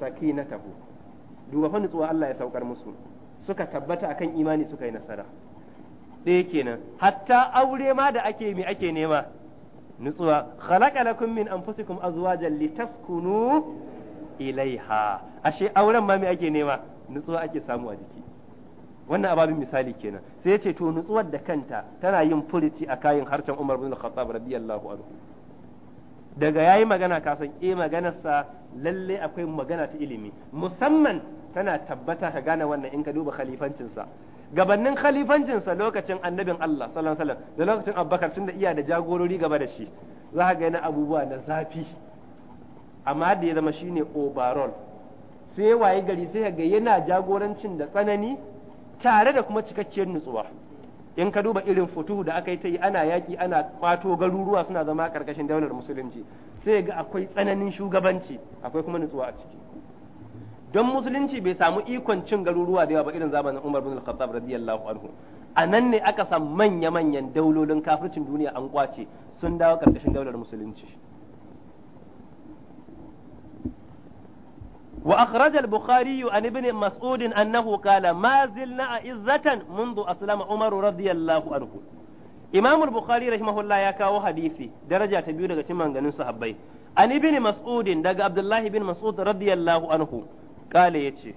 sakinatahu duba fa nutsuwa Allah ya saukar musu suka tabbata akan imani suka yi nasara ɗaya kenan hatta aure ma da ake mi ake nema nutsuwa khalaqa lakum min anfusikum azwajan litaskunu ilaiha ashe auren ma me ake nema nutsuwa ake samu a jiki wannan ababin misali kenan sai yace to nutsuwar da kanta tana yin furuci a kayan harshen Umar bin Khattab radiyallahu anhu daga yayi magana ka kasan e eh, maganarsa lalle akwai magana ta ilimi musamman tana tabbata ka gane wannan in ka duba khalifancinsa gabannin khalifancinsa lokacin annabin Allah sallallahu alaihi wasallam da lokacin Abubakar tun da iya da jagorori gaba da shi za ga yana abubuwa na zafi amma da ya zama shine overall sai waye gari sai ga yana jagorancin da tsanani tare da kuma cikakkiyar nutsuwa in ka duba irin futuhu da aka yi ta yi ana yaki ana kwato garuruwa suna zama karkashin daular musulunci sai ga akwai tsananin shugabanci akwai kuma nutsuwa a ciki don musulunci bai samu ikon cin garuruwa da yawa ba irin zamanin Umar bin al radiyallahu anhu a nan ne aka san manya-manyan daulolin kafircin duniya an kwace sun dawo karkashin daular musulunci wa akhraj al-bukhari an ibn mas'ud annahu qala ma zilna izzatan mundu aslama umar radiyallahu anhu imam al-bukhari rahimahullah ya kawo hadisi daraja ta biyu daga cikin manganin sahabbai an ibn mas'ud daga Abdullahi bin mas'ud radiyallahu anhu kale ya ce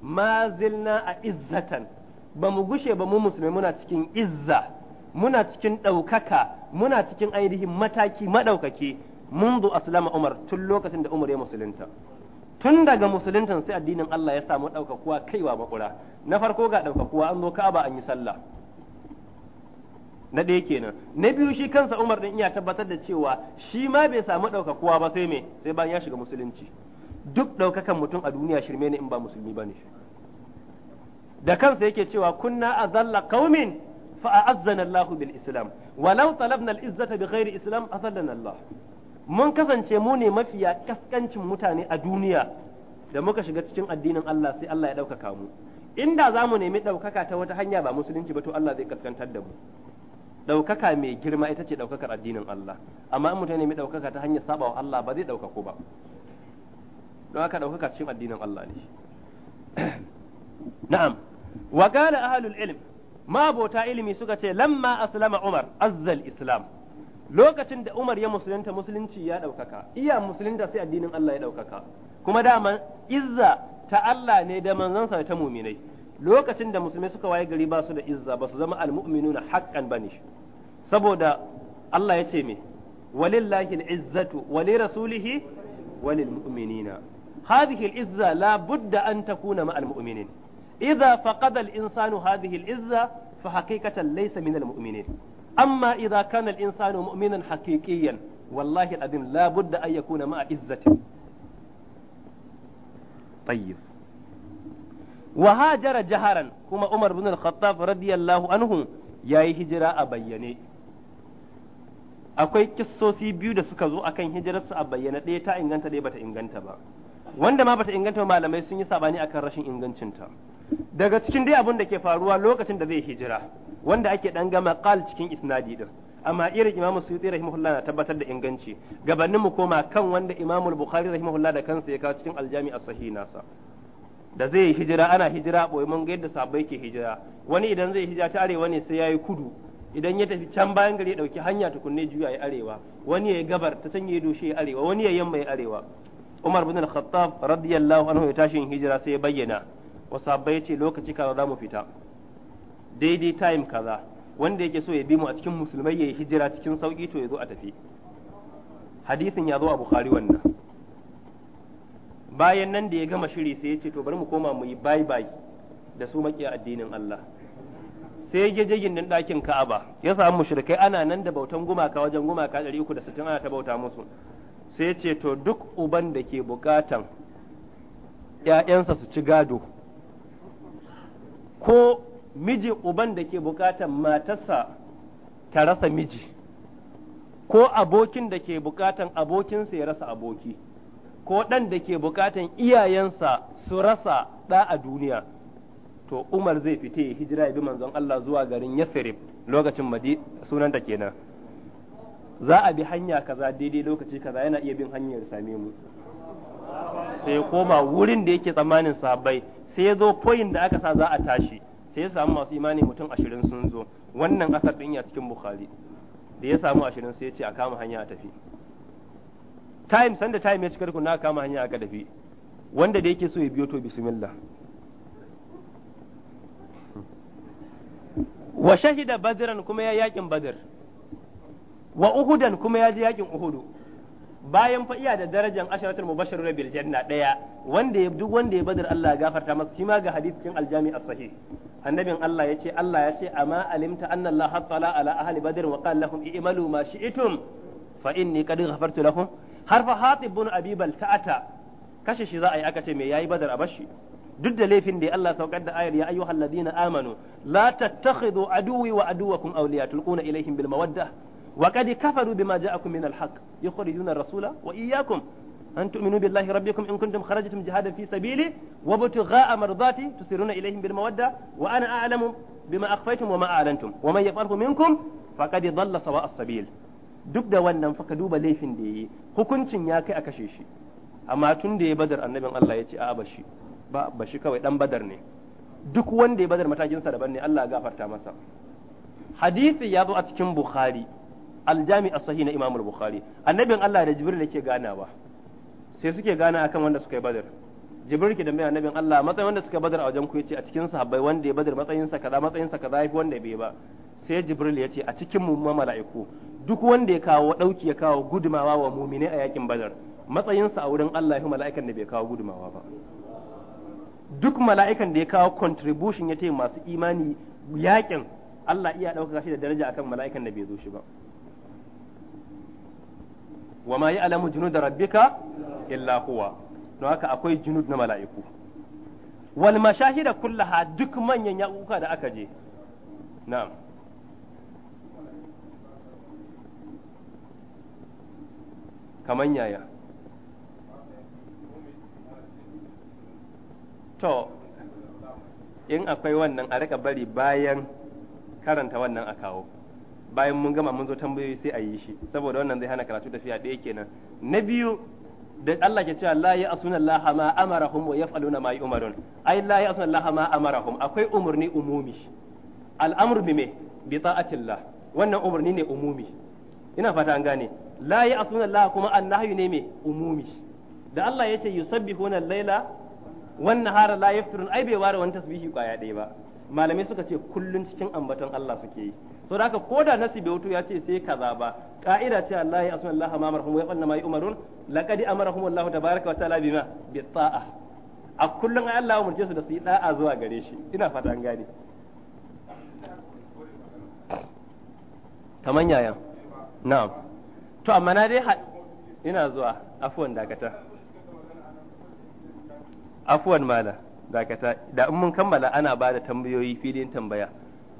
ma zilna a izzatan ba mu gushe ba mu musulmi muna cikin izza muna cikin ɗaukaka muna cikin ainihin mataki maɗaukaki mundu aslama umar tun lokacin da umar ya musulinta tun daga musuluntan sai addinin Allah ya samu ɗaukakuwa kaiwa makura na farko ga ɗaukakuwa an zo ka'aba an yi sallah na ɗaya kenan na biyu shi kansa umar din iya tabbatar da cewa shi ma bai samu ɗaukakuwa ba sai me sai bayan ya shiga musulunci duk ɗaukakan mutum a duniya shirme ne in ba musulmi ba ne da kansa yake cewa kunna azalla qaumin fa a'azzana Allahu bil islam walau talabna al izzata bi ghairi islam azallana Allah mun kasance mu ne mafiya kaskancin mutane a duniya da muka shiga cikin addinin Allah sai Allah ya ɗaukaka mu inda za mu nemi ɗaukaka ta wata hanya ba musulunci ba to Allah zai kaskantar da mu ɗaukaka mai girma ita ce ɗaukakar addinin Allah amma in mutum ya nemi ɗaukaka ta hanyar sabawa Allah ba zai ɗaukako ba don haka ɗaukaka cikin addinin Allah ne na'am wa qala ahlul ilm ma'abota ilimi suka ce lamma aslama umar azzal islam lokacin da umar ya musulunta musulunci ya ɗaukaka iya musulunta sai addinin Allah ya ɗaukaka kuma dama izza ta Allah ne da manzansa ta muminai lokacin da musulmai suka waye gari ba su da izza ba su zama almu'minuna haqqan bane saboda Allah ya ce me walillahi rasulihi walirasulihi muminina. هذه العزة لا بد أن تكون مع المؤمنين إذا فقد الإنسان هذه العزة فحقيقة ليس من المؤمنين أما إذا كان الإنسان مؤمنا حقيقيا والله العظيم لا بد أن يكون مع عزة طيب وهاجر جهرا كما عمر بن الخطاب رضي الله عنه yayi hijira a bayyane akwai kissosi biyu da suka zo akan hijirarsu a bayyane ɗaya ta inganta ɗaya bata inganta ba wanda ma bata inganta malamai sun yi sabani akan rashin ingancinta daga cikin dai abin da ke faruwa lokacin da zai hijira wanda ake dan gama qal cikin isnadi din amma irin imamu suyuti rahimahullah na tabbatar da inganci gabanin mu koma kan wanda imamul bukhari rahimahullah da kansa ya kawo cikin aljami as-sahih nasa da zai hijira ana hijira boye mun ga yadda sabai ke hijira wani idan zai hijira ta arewa ne sai yayi kudu idan ya tafi can bayan gari ya dauki hanya tukunne juya ya arewa wani ya gabar ta can ya doshe ya arewa wani ya yamma ya arewa Umar bin Al-Khattab radiyallahu anhu ya tashin hijira sai ya bayyana wa ya ce lokaci kaza zamu fita daidai time kaza wanda yake so ya bi mu a cikin musulmai ya yi hijira cikin sauki to ya zo a tafi hadisin ya zo a Bukhari wannan bayan nan da ya gama shiri sai ya ce to bari mu koma mu yi bye bye da su makiya addinin Allah sai ya je gindin ɗakin Ka'aba ya samu mushrikai ana nan da bautan gumaka wajen gumaka 360 ana ta bauta musu sai ce to duk uban da ke bukatan ‘ya'yansa su ci gado ko miji uban da ke bukatan matarsa ta rasa miji ko abokin da ke bukatan abokinsa ya rasa aboki ko ɗan da ke bukatan iyayensa su rasa ɗa a duniya to umar zai fita ya hijira ya bi manzon Allah zuwa garin yasirib lokacin sunan da kenan za a bi hanya kaza daidai lokaci kaza yana iya bin hanyar same mu sai koma wurin da yake tsammanin sabai sai ya zo poyin da aka sa za a tashi sai ya samu masu imani mutum ashirin sun zo wannan asar din ya cikin bukhari da ya samu ashirin sai ya ce a kama hanya a tafi time sanda time ya cikar na kama hanya aka tafi wanda da yake so ya biyo to bismillah wa shahida badran kuma ya yakin badr wa uhudan kuma ya je yakin uhudu bayan fa iya da darajar asharatul mubashir na bil janna daya wanda ya duk wanda ya badar Allah ya gafarta masa shi ma ga hadith cikin aljami as-sahih annabin Allah yace Allah yace amma alimta anna Allah hattala ala ahli badr wa qala lahum i'malu ma shi'tum fa inni qad ghafartu lakum har fa hatib ibn abi balta'ata kashe shi za a yi aka ce me yayi badar a bashi duk da laifin da Allah saukar da ayar ya ayyuhal ladina amanu la tattakhidhu aduwi wa aduwakum awliya tulquna ilaihim bil mawaddah wa qad kafaru bima ja'akum min al-haq yukhrijuna ar-rasula wa iyyakum an tu'minu billahi rabbikum in kuntum kharajtum jihadan fi sabili wa butugha'a mardati tusiruna ilayhim bil mawadda wa ana a'lamu bima akhfaytum wa ma a'lantum wa duk da wannan fa ka duba laifin da yi hukuncin ya kai a kashe shi amma tun da ya badar annabin Allah ya ce a'a bashi ba bashi kawai dan badar ne duk wanda ya badar matakin sa daban ne Allah ya gafarta masa hadisi ya zo a cikin bukhari aljami a sahi na Imam al-Bukhari annabin Allah da Jibril yake ganawa sai suke gana akan wanda suka yi Badar Jibril ke da mai annabin Allah matsayin wanda suka Badar a wajen ku yace a cikin sahabbai wanda ya Badar matsayin sa kaza matsayin sa kaza yafi wanda bai ba sai Jibril yace a cikin mu mala'iku duk wanda ya kawo dauki ya kawo gudumawa wa mu'mini a yakin Badar matsayin sa a wurin Allah ya mala'ikan da bai kawo gudumawa ba duk mala'ikan da ya kawo contribution ya ce masu imani yakin Allah iya ɗaukaka shi da daraja akan mala'ikan da bai zo shi ba wa ma ya'lamu junuda rabbika illa huwa don haka akwai junud na mala'iku wal mashahida kullaha duk manyan yakuka da aka je na'am kaman yaya to in akwai wannan a rika bari bayan karanta wannan a kawo bayan mun gama mun zo tambayoyi sai a yi shi saboda wannan zai hana karatu tafiya ɗaya kenan na biyu da Allah ke cewa la ya asuna Allah ma amarahum wa yaf'aluna ma yu'marun ai la ya asuna Allah ma amarahum akwai umurni umumi al'amru bi me bi ta'atillah wannan umurni ne umumi ina fata an gane la ya asuna Allah kuma annahyu ne me umumi da Allah yace yusabbihuna al-laila wan nahara la yafturun ai bai ware wani tasbihi kwaya ɗaya ba malamai suka ce kullun cikin ambaton Allah suke yi so da ko da nasi bai wuto ya ce sai kaza ba ka'ida ce Allah ya asma Allah ma marhumu ya yaqanna ma umarun laqad amarahum Allah tabaaraka wa ta'ala bima bi ta'a a kullun Allah ya umurce su da su yi da'a zuwa gare shi ina fata an gane kaman yayan na'am to amma na dai ina zuwa afuwan dakata afuwan mala dakata da in mun kammala ana ba da tambayoyi filin tambaya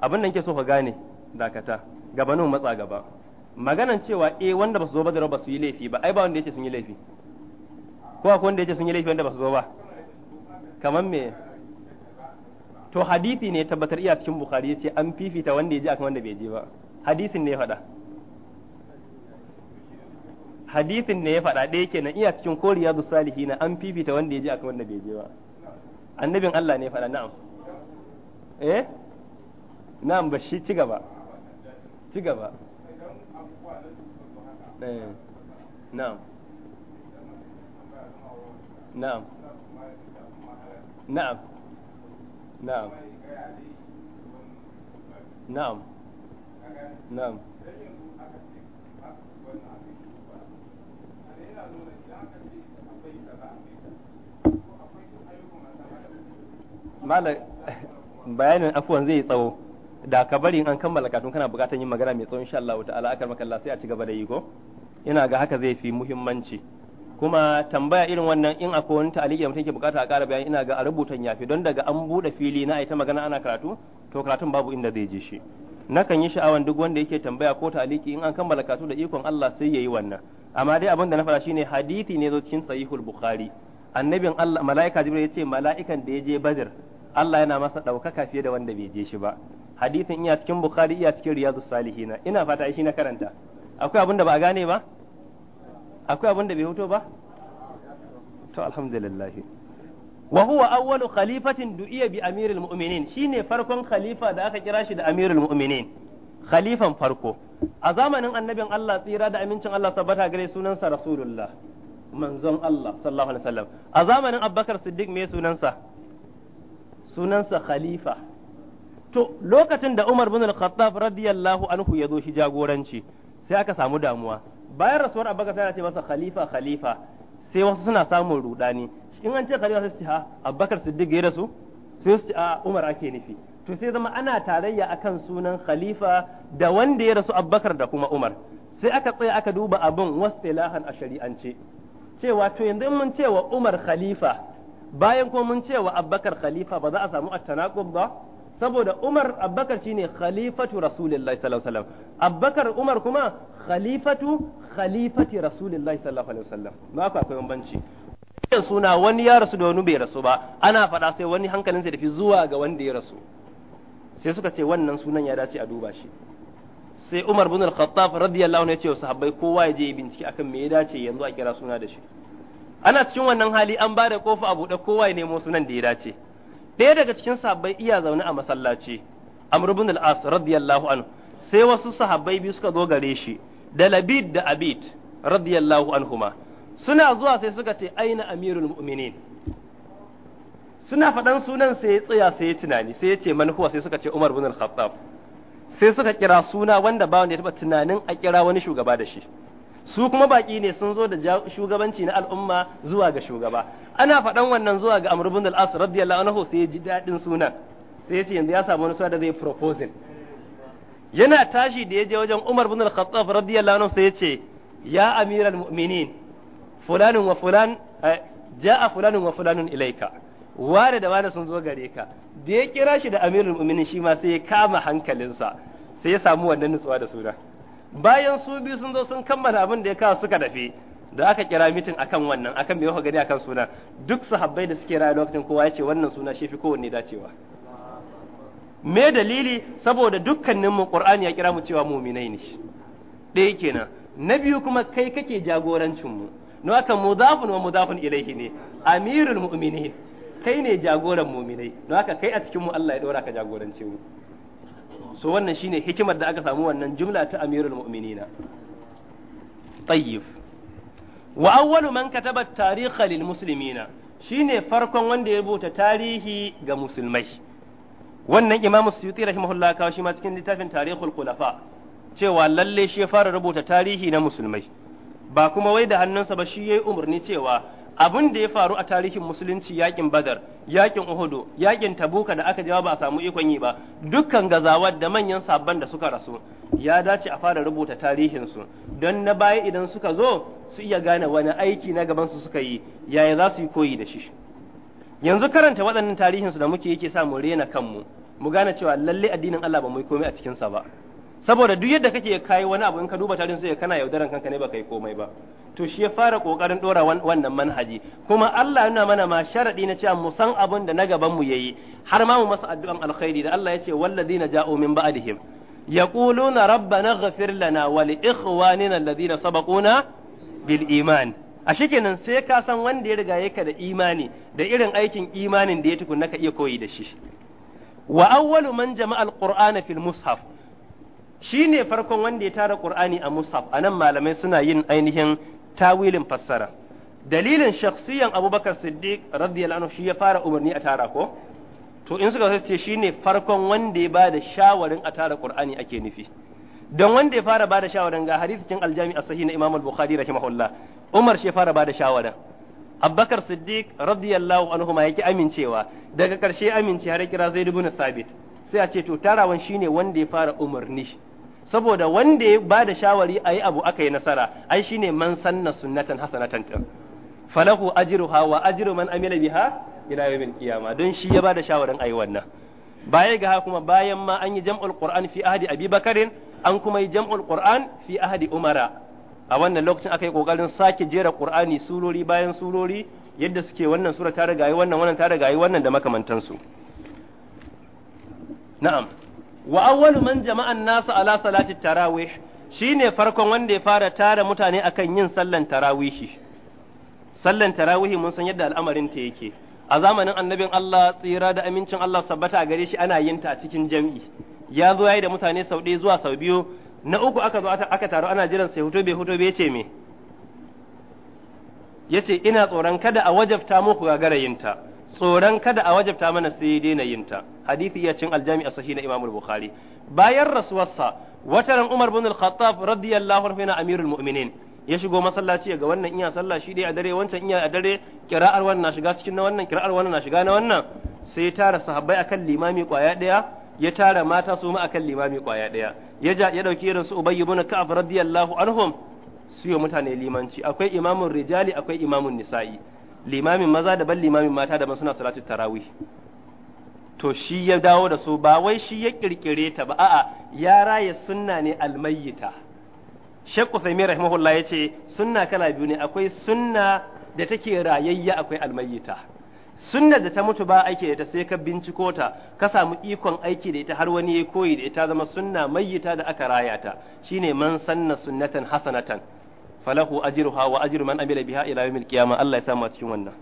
abin da nake so ka gane dakata gabanin matsa gaba maganan cewa eh wanda basu zo ba da ba su yi laifi ba ai ba wanda yake sun yi laifi ko akwai wanda yake sun yi laifi wanda basu zo ba kamar me to hadisi ne tabbatar iya cikin bukhari yace an fifita wanda ya je akan wanda bai je ba hadisin ne ya faɗa hadisin ne ya faɗa ɗaya kenan iya cikin ko riyadu salihina an fifita wanda ya je akan wanda bai je ba annabin Allah ne ya faɗa na'am eh na'am ba shi ci gaba ci gaba eh, na'am na'am na'am na'am na'am na'am malam bayanin afuwan zai tsawo da ka bari an kammala katun kana bukatar yin magana mai tsawon insha Allah ta'ala akar maka makalla sai a ci gaba da yi ko ina ga haka zai fi muhimmanci kuma tambaya irin wannan in akwai wani ta'aliki da mutum ke bukata a ƙara bayani ina ga a rubutan yafi don daga an buɗe fili na ita magana ana karatu to karatun babu inda zai je shi nakan yi sha'awan duk wanda yake tambaya ko ta'aliki in an kammala katu da ikon Allah sai yayi wannan amma dai abin da na fara shine hadisi ne zo cikin sahihul bukhari annabin Allah mala'ika jibril ce mala'ikan da ya je badr Allah yana masa ɗaukaka fiye da wanda bai je shi ba hadisin iya cikin bukhari iya cikin Riyadu salihina ina fata shi na karanta akwai abin da ba a gane ba akwai abin da bai hoto ba to alhamdulillah wa huwa awwalu khalifatin du'iya bi amirul mu'minin shine farkon khalifa da aka kira shi da amirul mu'minin khalifan farko a zamanin annabin Allah tsira da amincin Allah tabbata gare sunansa rasulullah manzon Allah sallallahu alaihi wasallam a zamanin Abubakar Siddiq me sunansa sunansa khalifa to lokacin da Umar bin Al-Khattab radiyallahu anhu ya zo shi jagoranci sai aka samu damuwa bayan rasuwar Abubakar sai ce masa khalifa khalifa sai wasu suna samun rudani in an ce khalifa sai su ce ha Abubakar Siddiq ya rasu sai su ce a Umar ake nufi to sai zama ana tarayya akan sunan khalifa da wanda ya rasu Abubakar da kuma Umar sai aka tsaya aka duba abin wasilahan a shari'ance cewa to yanzu mun wa Umar khalifa bayan ko mun cewa Abubakar khalifa ba za a samu at-tanaqub ba saboda Umar Abubakar shine khalifatu Rasulullahi sallallahu alaihi wasallam Abubakar Umar kuma khalifatu khalifati Rasulullahi sallallahu alaihi wasallam ba ku akwai bambanci da suna wani ya rasu da wani bai rasu ba ana faɗa sai wani hankalin sai dafi zuwa ga wanda ya rasu sai suka ce wannan sunan ya dace a duba shi sai Umar bin Al-Khattab radiyallahu anhu ya ce wa sahabbai kowa ya je ya bincike akan me ya dace yanzu a kira suna da shi ana cikin wannan hali an ba da kofa a buɗe kowa ya nemo sunan da ya dace ɗaya daga cikin sahabbai iya zaune a masallaci amr ibn al-as radiyallahu anhu sai wasu sahabbai biyu suka zo gare shi da labid da abid radiyallahu anhuma suna zuwa sai suka ce aina amirul mu'minin suna faɗan sunan sai ya tsaya sai ya tunani sai ya ce man huwa sai suka ce umar ibn al-khattab sai suka kira suna wanda ba wanda ya taba tunanin a kira wani shugaba da shi su kuma baki ne sun zo da shugabanci na al'umma zuwa ga shugaba ana faɗan wannan zuwa ga Amr ibn al-As radiyallahu anhu sai ya ji dadin sunan sai ya ce yanzu ya samu wani suna da zai proposal yana tashi da ya je wajen Umar ibn al-Khattab radiyallahu anhu sai ya ce ya amiral mu'minin fulanin wa fulan eh, ja'a fulanin wa fulanun ilaika ware da wani sun zo gare ka da ya kira shi da amirul mu'minin shi ma sai ya kama hankalinsa sai ya samu wannan nutsuwa da sunan. bayan su biyu sun zo sun kammala abin da ya kawo suka dafe da aka kira mitin akan wannan akan me gani akan suna duk sahabbai da suke rayuwa lokacin kowa ya ce wannan suna shi fi kowanne dacewa me dalili saboda dukkanin mu qur'ani ya kira mu cewa mu'minai ne Daya kenan na biyu kuma kai kake jagorancin mu no aka mudafun wa mudafun ilaihi ne amirul mu'minin kai ne jagoran mu'minai na aka kai a cikin mu Allah ya dora ka jagorance mu so wannan shine hikimar da aka samu wannan jumla ta amirul mu'minina tayyib wa awwalu man kataba tarikha lil muslimina shine farkon wanda ya rubuta tarihi ga musulmai wannan imamu suyuti rahimahullah kawo shi ma cikin littafin tarikhul khulafa cewa lalle shi ya fara rubuta tarihi na musulmai ba kuma wai da hannunsa ba shi yayi umarni cewa abin da ya faru a tarihin musulunci yakin badar yakin uhudu yakin tabuka da aka jawa ba a samu ikon yi ba dukkan gazawar da manyan sabban da suka rasu ya dace a fara rubuta tarihinsu don na baya idan suka zo su iya gane wani aiki na gaban su suka yi yaya za su yi koyi da shi yanzu karanta waɗannan tarihinsu da muke yake sa mu rena kanmu mu gane cewa lalle addinin Allah ba mu yi komai a cikin sa ba saboda duk yadda kake kai wani abu in ka duba tarihin sai kana yaudaran kanka ne baka yi komai ba to shi ya fara kokarin dora wannan manhaji kuma Allah yana mana ma sharadi na cewa mu san abin da na gaban mu yayi har ma mu masa addu'an alkhairi da Allah ya ce walladina ja'u min ba'dihim yaquluna rabbana ighfir lana wa li ikhwanina alladhina sabaquna bil iman a shikenan sai ka san wanda ya riga ka da imani da irin aikin imanin da ya tukunna ka iya koyi da shi wa awwalu man jama'a alqur'ana fil mushaf shi ne farkon wanda ya tara Qur'ani a Mus'ab nan malamai suna yin ainihin tawilin fassara dalilin shakhsiyan Abubakar Siddiq radiyallahu anhu shi ya fara umarni a tara ko to in suka ce shi ne farkon wanda ya bada shawarin a tara ƙur'ani ake nufi don wanda ya fara bada shawarin ga hadithin aljami a sahih na Imam al-Bukhari rahimahullah Umar shi ya fara bada shawarin Abubakar Siddiq radiyallahu anhu ma yake amincewa daga karshe amince har kira Zaid na Sabit sai a ce to tarawan ne wanda ya fara umarni saboda wanda ya bada shawari yi abu aka yi nasara ai shi ne man sanna sunnatan hasanatan falahu Ajiru hawa Ajiru man amila biha ila yawmil qiyama don shi ya ba da shawarin yi wannan baya ga kuma bayan ma an yi jam'ul qur'an fi ahdi abi bakarin an kuma yi jam'ul qur'an fi ahdi umara a wannan lokacin aka yi kokarin sake jera qur'ani surori bayan surori yadda suke wannan sura ta rigayi wannan wannan ta rigayi wannan da makamantansu na'am wa awwalu man jama'an nasu ala salati tarawih shine farkon wanda ya fara tara mutane akan yin sallan tarawihi sallan tarawihi mun san yadda al'amarin ta yake a zamanin annabin Allah tsira da amincin Allah sabbata a gare shi ana yin ta a cikin jami'i ya zo yayi da mutane sau ɗaya zuwa sau biyu na uku aka zo aka taru ana jiran sai hutobe hutobe yace me yace ina tsoron kada a wajabta muku yinta tsoron kada a wajabta mana sai daina yinta hadisi iya cin aljami a sahi na Imam Bukhari bayan rasuwarsa wata ran Umar bin Al-Khattab radiyallahu anhu yana amirul mu'minin ya shigo masallaci ga wannan iya sallah shi dai a dare wancan iya a dare kira'ar wannan na shiga cikin na wannan kira'ar wannan na shiga na wannan sai ya tara sahabbai akan limami kwaya daya ya tara mata su ma akan limami kwaya daya ya ja ya dauki irin su ubayy ibn Ka'ab radiyallahu anhum su yi mutane limanci akwai imamun rijali akwai imamun nisa'i limamin maza da ban limamin mata daban suna salatu tarawih to shi ya dawo da su ba wai shi ya kirkire ta ba a'a ya raya sunna ne almayyita Sheikh Uthaymeen rahimahullah yace sunna kala biyu ne akwai sunna da take rayayya akwai almayyita sunna da ta mutu ba ake da ta sai ka binciko ta ka samu ikon aiki da ita har wani ya koyi da ita zama sunna mayyita da aka raya ta shine man sanna sunnatan hasanatan falahu ajruha wa ajru man amila biha ila yawmil qiyamah Allah ya sa mu cikin wannan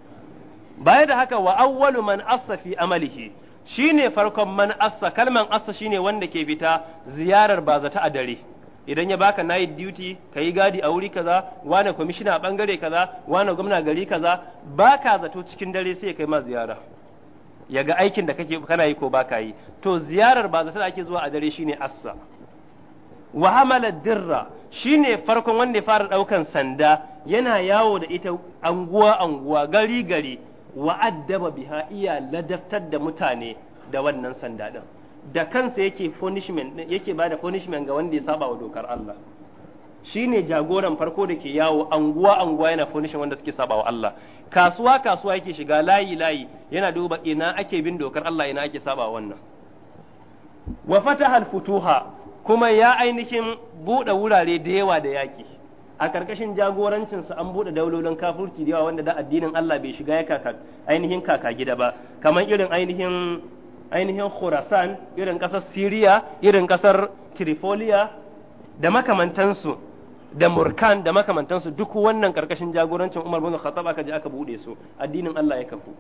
baya da haka wa awwalu man asafi amalihi shine farkon man assa kalman assa shine wanda ke fita ziyarar ba bazata a dare idan ya baka night duty ka yi gadi a wuri kaza wane kwamishina a bangare kaza wane gwamna gari kaza baka zato cikin dare sai kai ma ziyara ya ga aikin da kake kana yi ko baka yi to ziyarar bazata a ake zuwa a dare shine assa wa hamala dirra shine farkon wanda ya fara daukan sanda yana yawo da ita anguwa anguwa gari gari wa addaba biha iya ladaftar da mutane da wannan sanda din da kansa yake punishment yake bada punishment ga wanda ya saba wa dokar Allah shine jagoran farko da ke yawo anguwa anguwa yana punishment wanda suke saba wa Allah kasuwa kasuwa yake shiga layi layi yana duba ina ake bin dokar Allah ina ake saba wannan wa fataha al-futuha kuma ya ainihin buɗe wurare da yawa da yaki a karkashin jagorancin su an buɗe daulolin kafurci da yawa wanda da addinin Allah bai shiga ya kaka ainihin kaka gida ba kamar irin ainihin ainihin Khurasan irin kasar Syria irin kasar Trifolia da makamantansu da Murkan da makamantansu duk wannan karkashin jagorancin Umar bin Khattab aka je aka buɗe su addinin Allah ya kafu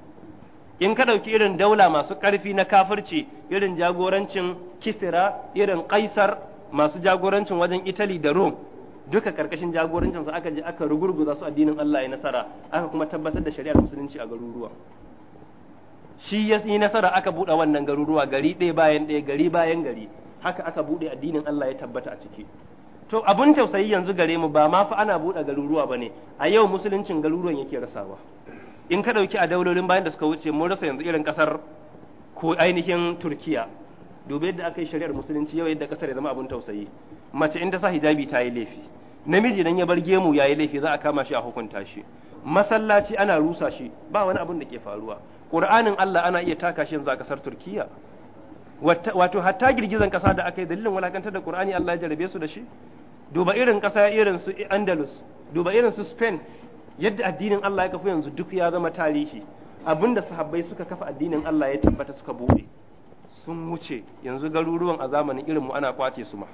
in ka ɗauki irin daula masu ƙarfi na kafirci irin jagorancin Kisira irin Kaisar masu jagorancin wajen Italy da Rome duka karkashin jagorancin sa aka je aka rugurguza su addinin Allah ya nasara aka kuma tabbatar da shari'ar musulunci a garuruwa shi ya yi nasara aka buɗe wannan garuruwa gari ɗaya bayan ɗaya gari bayan gari haka aka buɗe addinin Allah ya tabbata a ciki to abun tausayi yanzu gare mu ba ma fa ana buɗe garuruwa ba ne a yau musuluncin garuruwan yake rasawa in ka ɗauki a daulolin bayan da suka wuce mun rasa yanzu irin ƙasar ko ainihin turkiya dubi yadda aka yi shari'ar musulunci yau yadda ƙasar ya zama abun tausayi mace inda ta sa hijabi ta yi laifi namiji nan ya bar gemu ya yi laifi za a kama shi a hukunta shi masallaci ana rusa shi ba wani abun da ke faruwa qur'anin Allah ana iya taka shi yanzu a kasar Turkiya wato hatta girgizan kasa da aka yi dalilin walakantar da qur'ani Allah ya jarabe su da shi duba irin kasa irin su Andalus duba irin su Spain yadda addinin Allah ya kafa yanzu duk ya zama tarihi abinda sahabbai suka kafa addinin Allah ya tabbata suka bude sun wuce yanzu garuruwan a zamanin irin mu ana kwace su ma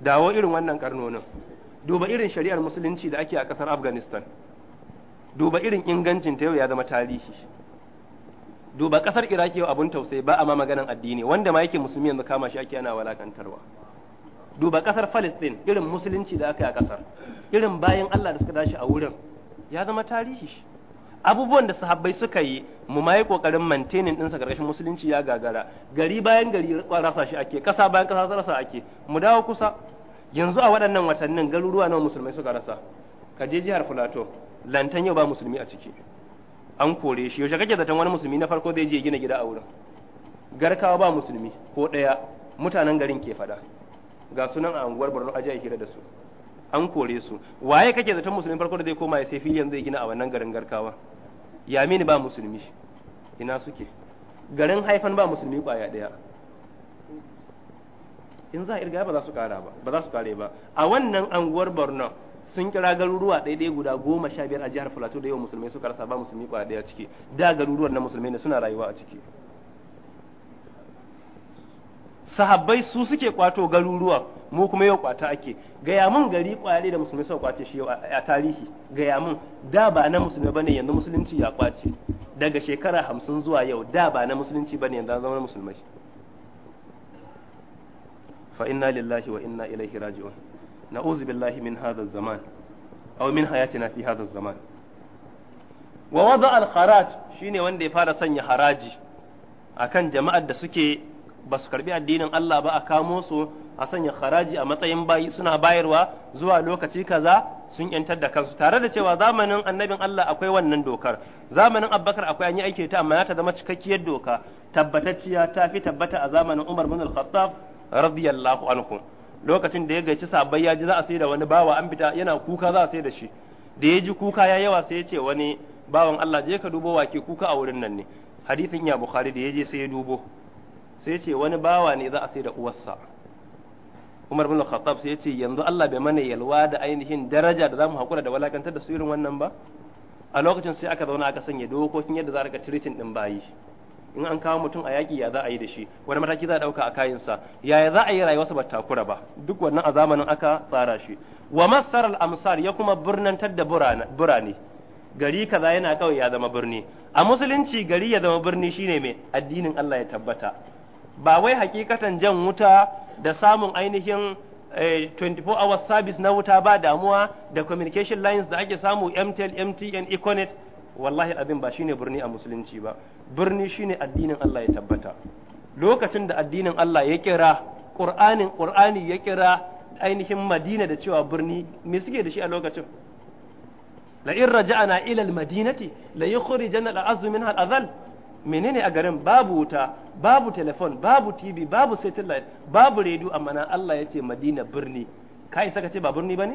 dawo irin wannan karnonin duba irin shari'ar musulunci da ake a kasar afghanistan duba irin ingancin ta yau ya zama tarihi duba ƙasar iraki yau abun tausayi ba a ma maganan addini wanda ma yake musulmi yanzu kama shi ake ana walakantarwa duba kasar palestine irin musulunci da aka yi a kasar irin bayan allah da suka dashi a wurin ya zama tarihi abubuwan da sahabbai suka yi mu ma yi kokarin maintaining ɗinsa karkashin musulunci ya gagara gari bayan gari rasa shi ake ƙasa bayan kasa rasa ake mu dawo kusa yanzu a waɗannan watannin garuruwa nawa musulmai suka rasa ka je jihar filato lantan yau ba musulmi a ciki an kore shi yaushe kake zaton wani musulmi na farko zai je gina gida a wurin garkawa ba musulmi ko ɗaya mutanen garin ke faɗa ga sunan a unguwar borno aje a hira da su an kore su waye kake zaton musulmi farko da zai koma ya sai filiyan zai gina a wannan garin garkawa yamini ba musulmi ina suke garin haifan ba musulmi kwaya daya in za a irga ba za su kara ba ba za su kare ba a wannan anguwar borno sun kira garuruwa ɗaya guda goma sha biyar a jihar filato da yawa musulmai suka rasa ba musulmi kwaya daya ciki da garuruwan na musulmai ne suna rayuwa a ciki sahabbai su suke kwato garuruwa mu kuma yau kwata ake gaya mun gari kwari da musulmi suka kwace shi a tarihi gaya mun da ba na musulmi bane yanzu musulunci ya kwace daga shekara hamsin zuwa yau da ba na musulunci bane yanzu zama musulmai fa inna lillahi wa inna ilaihi raji'un na'uzu billahi min hadha zaman aw min hayatina fi hadha zaman wa wada al kharaj shine wanda ya fara sanya haraji akan jama'ar da suke ba su karbi addinin Allah ba a kamo su a sanya haraji a matsayin bayi suna bayarwa zuwa lokaci kaza sun yantar da kansu tare da cewa zamanin annabin Allah akwai wannan dokar zamanin Abubakar akwai an yi aiki ta amma ta zama cikakkiyar doka tabbatacciya ta fi tabbata a zamanin Umar bin Al-Khattab radiyallahu anhu lokacin da ya gaici sabai ya ji za a sai da wani bawa an fita yana kuka za a sai da shi da ya ji kuka ya yawa sai ya ce wani bawan Allah je ka dubo wake kuka a wurin nan ne hadisin ya Bukhari da ya je sai ya dubo sai ce wani bawa ne za a sai da uwarsa Umar bin Khattab sai ce yanzu Allah bai mana yalwa da ainihin daraja da zamu hakura da walakantar da su irin wannan ba a lokacin sai aka zauna aka sanya dokokin yadda za a rika treating din bayi in an kawo mutum a yaƙi ya za a yi da shi wani mataki za a ɗauka a kayansa yaya za a yi rayuwa sa ba takura ba duk wannan a zamanin aka tsara shi wa masar al-amsar ya kuma birnantar da burane gari kaza yana kawai ya zama birni a musulunci gari ya zama birni shine mai addinin Allah ya tabbata ba wai hakikatan jan wuta da samun ainihin 24 eh, hour service na wuta ba damuwa da communication lines da ake samu mtel mtn econet wallahi abin ba shine birni a musulunci ba birni shine addinin Allah ya tabbata lokacin da addinin Allah ya kira ƙur'anin ƙur'ani ya kira ainihin madina da cewa birni me suke da shi a lokacin la in raja'na ila al-madinati la yukhrijanna al-azmu minha al-adhal menene a garin babu wuta babu telefon babu tv babu satellite babu radio amma nan Allah ya ce madina birni ka isa ka ce ba birni ba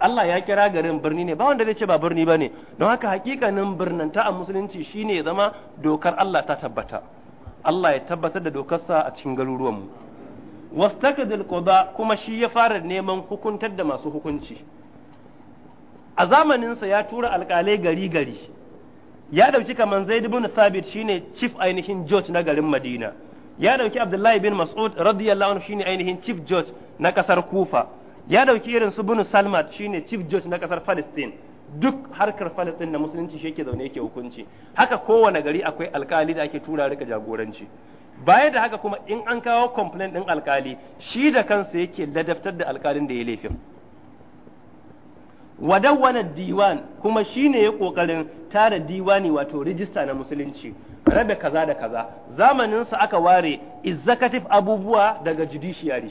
Allah ya kira garin birni ne ba wanda zai ce ba birni ba don haka hakikanin birnanta a musulunci shine ya zama dokar Allah ta tabbata Allah ya tabbatar da dokarsa a cikin garuruwan garuruwanmu wastakadil quba kuma shi ya fara neman hukuntar da masu hukunci a zamaninsa ya tura alƙalai gari gari ya dauki kaman zaid ibn sabit shine chief ainihin judge na garin madina ya dauki abdullahi bin mas'ud radiyallahu anhu shine ainihin chief judge na kasar kufa ya dauki irin su bin salmat shine chief judge na kasar palestine duk harkar palestine na musulunci shi yake zaune yake hukunci haka kowane gari akwai alkali da ake tura rika jagoranci baya da haka kuma in an kawo complaint din alkali shi da kansa yake ladaftar da alkalin da ya laifin wadawwana diwan kuma shine ya kokarin tara diwani wato rijista na musulunci rabe kaza da kaza zamaninsa aka ware executive abubuwa daga judiciary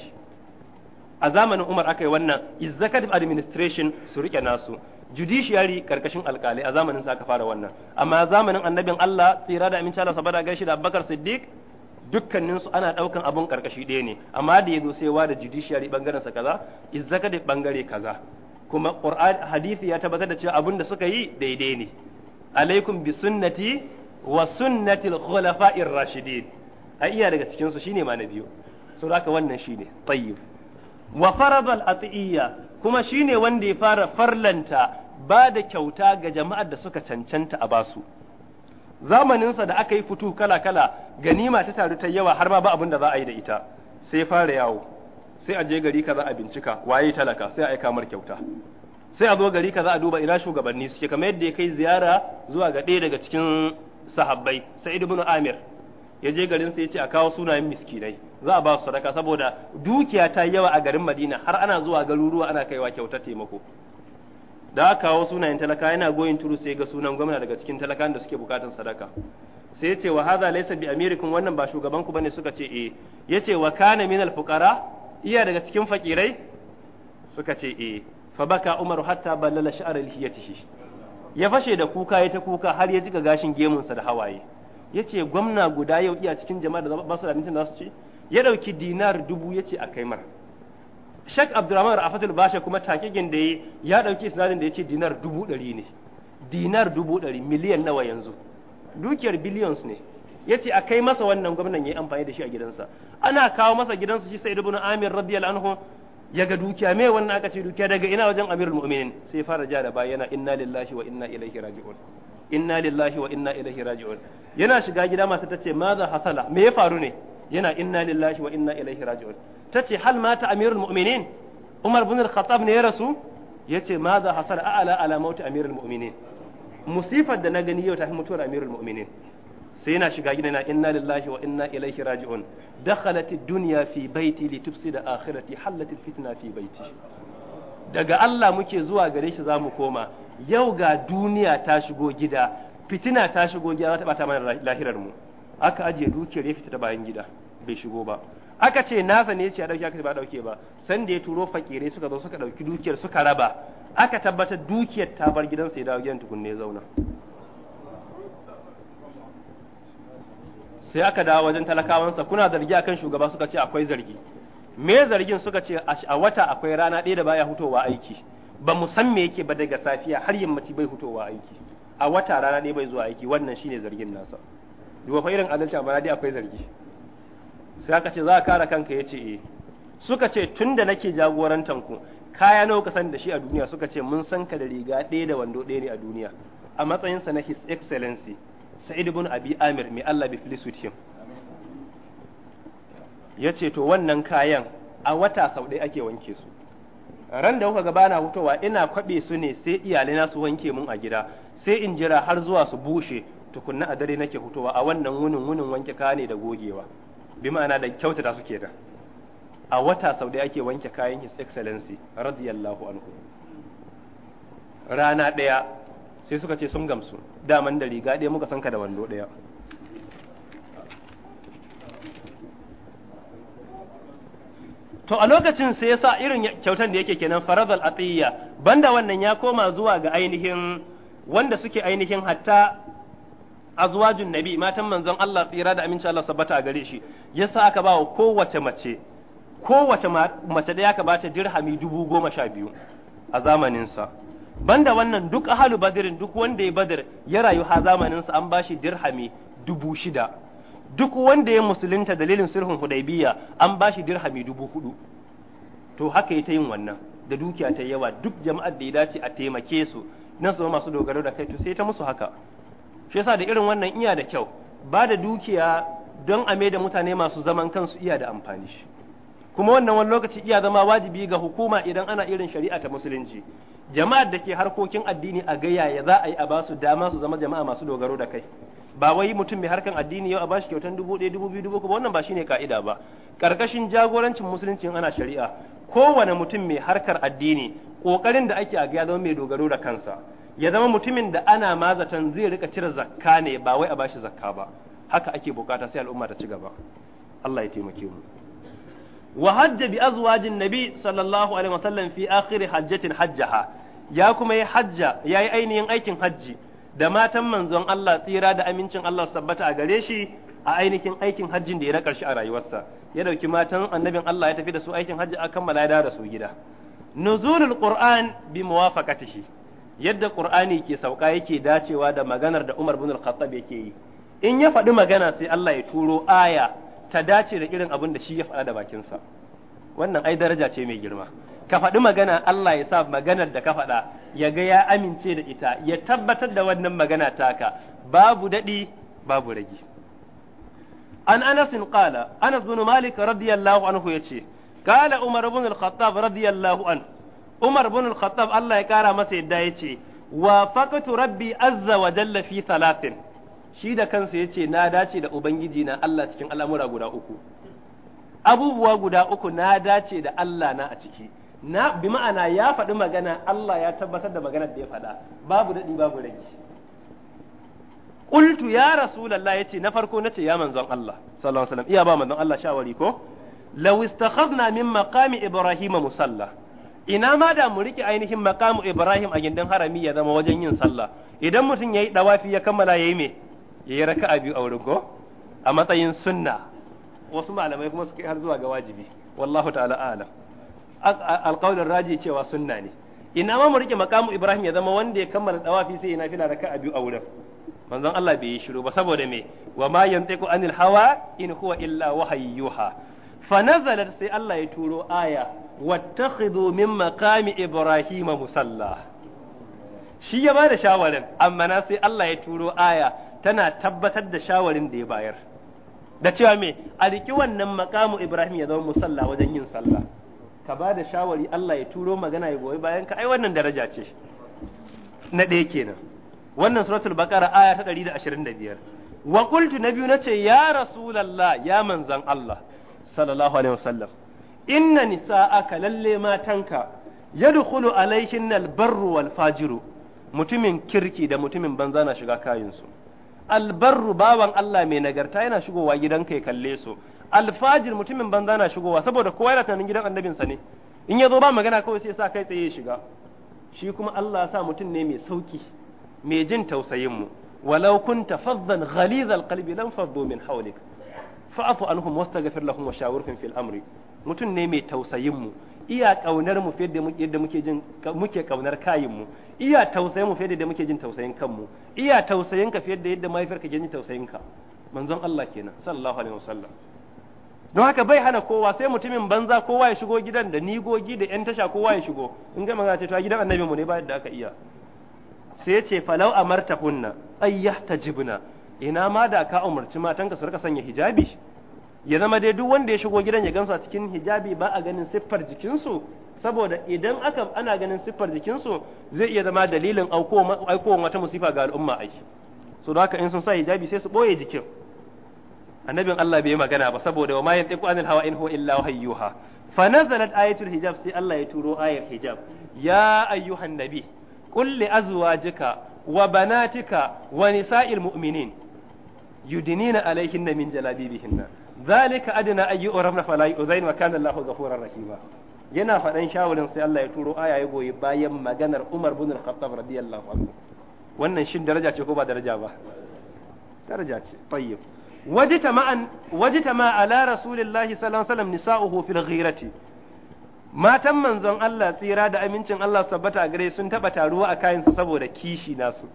a zamanin Umar aka yi wannan executive administration su rike nasu judiciary karkashin alkali a zamanin sa aka fara wannan amma zamanin annabin Allah tsira da amincin Allah sabada gaishe da Abubakar Siddiq dukkanin su ana daukan abun karkashi ɗaya ne amma da yazo sai wa da judiciary bangaren sa kaza executive bangare kaza kuma Qur'an hadisi ya tabbatar da cewa abun da suka yi daidai ne alaikum bi sunnati wa sunnati al-khulafa'ir rashidin a iya daga cikin su shine ma na biyu so haka wannan shine tayyib wa al atiyya kuma shine wanda ya fara farlanta ba da kyauta ga jama'ar da suka cancanta a basu zamaninsa da aka yi fitu kala-kala ganima ta taru ta yawa har ma ba abin da za a yi da ita sai fara yawo sai a je gari kaza a bincika waye talaka sai a aika mar kyauta sai a zo gari kaza a duba ina shugabanni suke kamar yadda ya kai ziyara zuwa ga ɗaya daga cikin sahabbai sai ibn amir ya je garin ya ce a kawo sunayen miskinai za a ba su sadaka saboda dukiya ta yawa a garin Madina har ana zuwa garuruwa ana kaiwa kyauta taimako da aka kawo sunayen talaka yana goyin turu sai ga sunan gwamna daga cikin talakan da suke bukatan sadaka sai yace wa haza laysa bi amirikum wannan ba shugaban ku bane suka ce eh yace wa kana min al fuqara iya daga cikin fakirai suka ce eh fa baka umar hatta ballala sha'ar lihiyatihi ya fashe da kuka ya ta kuka har ya jika gashin gemunsa da hawaye yace gwamna guda yau iya cikin jama'a da ba su da da su ce ya dauki dinar dubu ya a kai mar shek abdurrahman rafatul basha kuma takigin da ya ɗauki sinadin da yace dinar dubu ɗari ne dinar dubu ɗari miliyan nawa yanzu dukiyar billions ne ya ce a kai masa wannan gwamnan ya yi amfani da shi a gidansa ana kawo masa gidansa shi sai ibn amir radiyallahu anhu ya ga dukiya me wannan aka ce dukiya daga ina wajen amirul mu'minin sai fara ja da baya inna lillahi wa inna ilaihi raji'un inna lillahi wa inna ilaihi raji'un yana shiga gida mata tace maza hasala me ya faru ne yana inna lillahi wa inna ilaihi raji'un tace hal mata amirul mu'minin umar bin al-khattab ne ya rasu yace maza hasala a'ala ala mautu amirul mu'minin musifar da na gani yau ta mutuwar amirul mu'minin sai yana shiga gida na inna lillahi wa inna ilaihi raji'un dakhalat ad-dunya fi baiti tufsida akhirati halat fitna fi baiti daga Allah muke zuwa gare shi zamu koma yau ga duniya ta shigo gida fitina ta shigo gida za ta bata mana lahirar mu aka ajiye dukiyar ya fitata bayan gida bai shigo ba aka ce nasa ne ya ce a dauke aka ba dauke ba san da ya turo fakirai suka zo suka dauki dukiyar suka raba aka tabbatar dukiyar ta bar gidansa ya dawo gidan tukunne zauna sai aka dawo wajen talakawansa kuna zargi akan shugaba suka ce akwai zargi me zargin suka ce a wata akwai rana ɗaya da baya hutowa aiki ba mu san me yake ba daga safiya har yammaci bai hutowa aiki a wata rana ɗaya bai zuwa aiki wannan shine zargin nasa duba fa irin adalci amma dai akwai zargi sai aka ce za ka kare kanka yace eh suka ce tunda nake jagorantan ku kaya nawa ka san da shi a duniya suka ce mun san ka da riga ɗaya da wando ɗaya ne a duniya a matsayinsa na his excellency sa'id bin abi amir mai Allah be pleased with Ya yace to wannan kayan a wata sau ɗaya ake wanke su ran da kuka gabana hutowa ina kwabe su ne sai iyalai su wanke mun a gida sai in jira har zuwa su bushe tukunna a dare nake hutowa a wannan wunin wunin wanke kaya ne da gogewa bi ma'ana da kyautata suke da. a wata sau ɗaya ake wanke kayan his excellency radiyallahu anhu rana ɗaya sai suka ce sun gamsu daman da riga ɗaya muka sanka da wando ɗaya to a lokacin sai yasa irin kyautar da yake kenan faradal atiyya banda wannan ya koma zuwa ga ainihin wanda suke ainihin hatta azwajun nabi matan manzon Allah tsira da aminci Allah sabbata a gare shi yasa aka ba wa kowace mace kowace mace ɗaya aka bata dirhami dubu goma sha biyu a zamanin sa. banda wannan duk ahalu badirin duk wanda ya badar ya rayu ha zamanin sa an bashi dirhami dubu shida duk wanda ya musulunta dalilin sulhun hudaybiya an bashi dirhami dubu hudu to haka ya ta yin wannan da dukiya ta yawa duk jama'ar da ya dace a taimake su na su masu dogaro da kai to sai ta musu haka shi yasa da irin wannan iya da kyau ba da dukiya don a da mutane masu zaman kansu iya da amfani shi kuma wannan wani lokaci iya zama wajibi ga hukuma idan ana irin shari'a ta musulunci jama'ar da ke harkokin addini a gaya ya za a yi a ba su dama su zama jama'a masu dogaro da kai ba wai mutum mai harkan addini yau a ba shi kyautan dubu ɗaya dubu biyu dubu uku wannan ba shi ne ka'ida ba ƙarƙashin jagorancin musulunci ana shari'a kowane mutum mai harkar addini ƙoƙarin da ake a gaya zama mai dogaro da kansa ya zama mutumin da ana mazatan zai rika cire zakka ne ba wai a ba shi zakka ba haka ake bukata sai al'umma ta ci gaba Allah ya taimake mu wa hajja bi azwajin nabi sallallahu alaihi wasallam fi akhir hajjatin hajjaha ya kuma yi hajja ya yi ainihin aikin hajji da matan manzon Allah tsira da amincin Allah su tabbata a gare shi a ainihin aikin hajjin da ya na shi a rayuwarsa ya dauki matan annabin Allah ya tafi da su aikin hajji a kammala ya da su gida nuzulul qur'an bi muwafaqatihi yadda qur'ani ke sauka yake dacewa da maganar da Umar bin Al-Khattab yake yi in ya faɗi magana sai Allah ya turo aya ta dace da irin abin da shi ya faɗa da bakinsa wannan ai daraja ce mai girma ka faɗi magana Allah ya sa maganar da ka faɗa ya ga ya amince da ita ya tabbatar da wannan magana taka babu daɗi babu ragi an Anas qala Anas bin Malik radiyallahu anhu yace qala Umar bin al-Khattab radiyallahu an Umar bin al-Khattab Allah ya kara masa yadda yace wa faqatu rabbi azza wa jalla fi thalathin shi da kansa yace na dace da ubangiji na Allah cikin al'amura guda uku abubuwa guda uku na dace da Allah na a ciki na bi ma'ana ya faɗi magana Allah ya tabbatar da maganar da ya faɗa babu daɗi babu rage ƙultu ya ya ce na farko na ce ya manzon Allah sallallahu alaihi iya ba manzon Allah shawari ko law istakhadna min maqami ibrahima musalla ina ma da mu rike ainihin maqamu ibrahim a gindin harami ya zama wajen yin sallah idan mutum yayi dawafi ya kammala yayi me yayi raka'a biyu a wurin ko a matsayin sunna wasu malamai kuma suka har zuwa ga wajibi wallahu ta'ala a'lam alƙawar raji cewa sunna ne ina ma mu rike makamu ibrahim ya zama wanda ya kammala dawafi sai yana fila raka'a biyu a wurin manzon Allah bai yi shiru ba saboda me wa ma yantiqu anil hawa in huwa illa wahayyuha fa nazalat sai Allah ya turo aya wattakhidhu min maqami ibrahim musalla shi ya bada shawarin amma na sai Allah ya turo aya tana tabbatar da shawarin da ya bayar da cewa me a riki wannan makamu ibrahim ya zama musalla wajen yin sallah ka ba da shawari Allah ya turo magana ya goyi bayan ka ai wannan daraja ce na ɗaya kenan wannan suratul baqara aya ta 125 wa qultu nabiyyu nace ya rasulullah ya manzan Allah sallallahu alaihi wasallam inna nisa'aka lalle matanka yadkhulu alaihin albarru wal fajiru mutumin kirki da mutumin banza na shiga kayinsu albarru bawan Allah mai nagarta yana shigowa gidanka ya kalle su alfajir mutumin banza na shigowa saboda kowa yana tunanin gidan annabinsa ne in ya zo ba magana kawai sai sa kai tsaye ya shiga shi kuma Allah sa mutum ne mai sauki mai jin tausayin mu walau kunta faddan ghalizal qalbi lam faddu min hawlik fa'fu anhum wastaghfir lahum wa shawirhum fil amri mutum ne mai tausayin mu iya kaunar mu fiye da yadda muke jin muke kaunar kayin mu iya tausayin mu fiye da muke jin tausayin kanmu iya tausayin ka fiye da yadda mahaifiyarka ke jin tausayin ka manzon Allah kenan sallallahu alaihi wasallam don haka bai hana kowa sai mutumin banza kowa ya shigo gidan da nigogi da yan tasha kowa ya shigo in ga magana ce ta gidan annabi mu ne bayan da aka iya sai ce falau amarta hunna ayyah tajibna ina ma da ka umarci ka su rika sanya hijabi ya zama dai duk wanda ya shigo gidan ya gansa cikin hijabi ba a ganin siffar jikinsu saboda idan aka ana ganin siffar jikinsu zai iya zama dalilin aikowa wata musifa ga al'umma aiki so da haka in sun sa hijabi sai su ɓoye jikin annabin Allah bai magana ba saboda wa ma yantiqu anil hawa in huwa illa wahyuha fa nazalat ayatul hijab sai Allah ya turo ayar hijab ya ayyuhan nabi qul li azwajika wa banatika wa nisa'il mu'minin yudnina alaihinna min jalabibihinna zalika adna ayyu yu'rafna fala yu'zain wa kana Allahu ghafurar rahima yana faɗan shawarin sai Allah ya turo aya ya goyi bayan maganar Umar bin Al-Khattab radiyallahu anhu wannan shin daraja ce ko ba daraja ba daraja ce tayyib wajitama ala rasulillahi sallallahu alaihi wasallam nisa'uhu fil ghirati matan manzon Allah tsira da amincin Allah sabbata a gare sun taba taruwa a kayansu saboda kishi nasu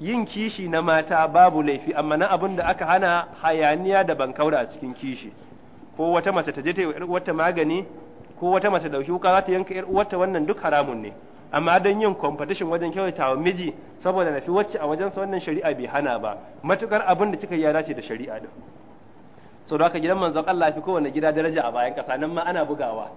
yin kishi na mata babu laifi amma na abin da aka hana hayaniya da bankaura a cikin kishi ko wata mace ta je ta yi wata magani ko wata mace dauki wuka za ta yanka yar uwarta wannan duk haramun ne amma don yin competition wajen kyautata wa miji saboda nafi wacce a wajensa wannan shari'a bai hana ba matukar abin da kika yi ya dace da shari'a din sau da gidan manzon Allah fi kowane gida daraja a bayan kasa nan ma ana bugawa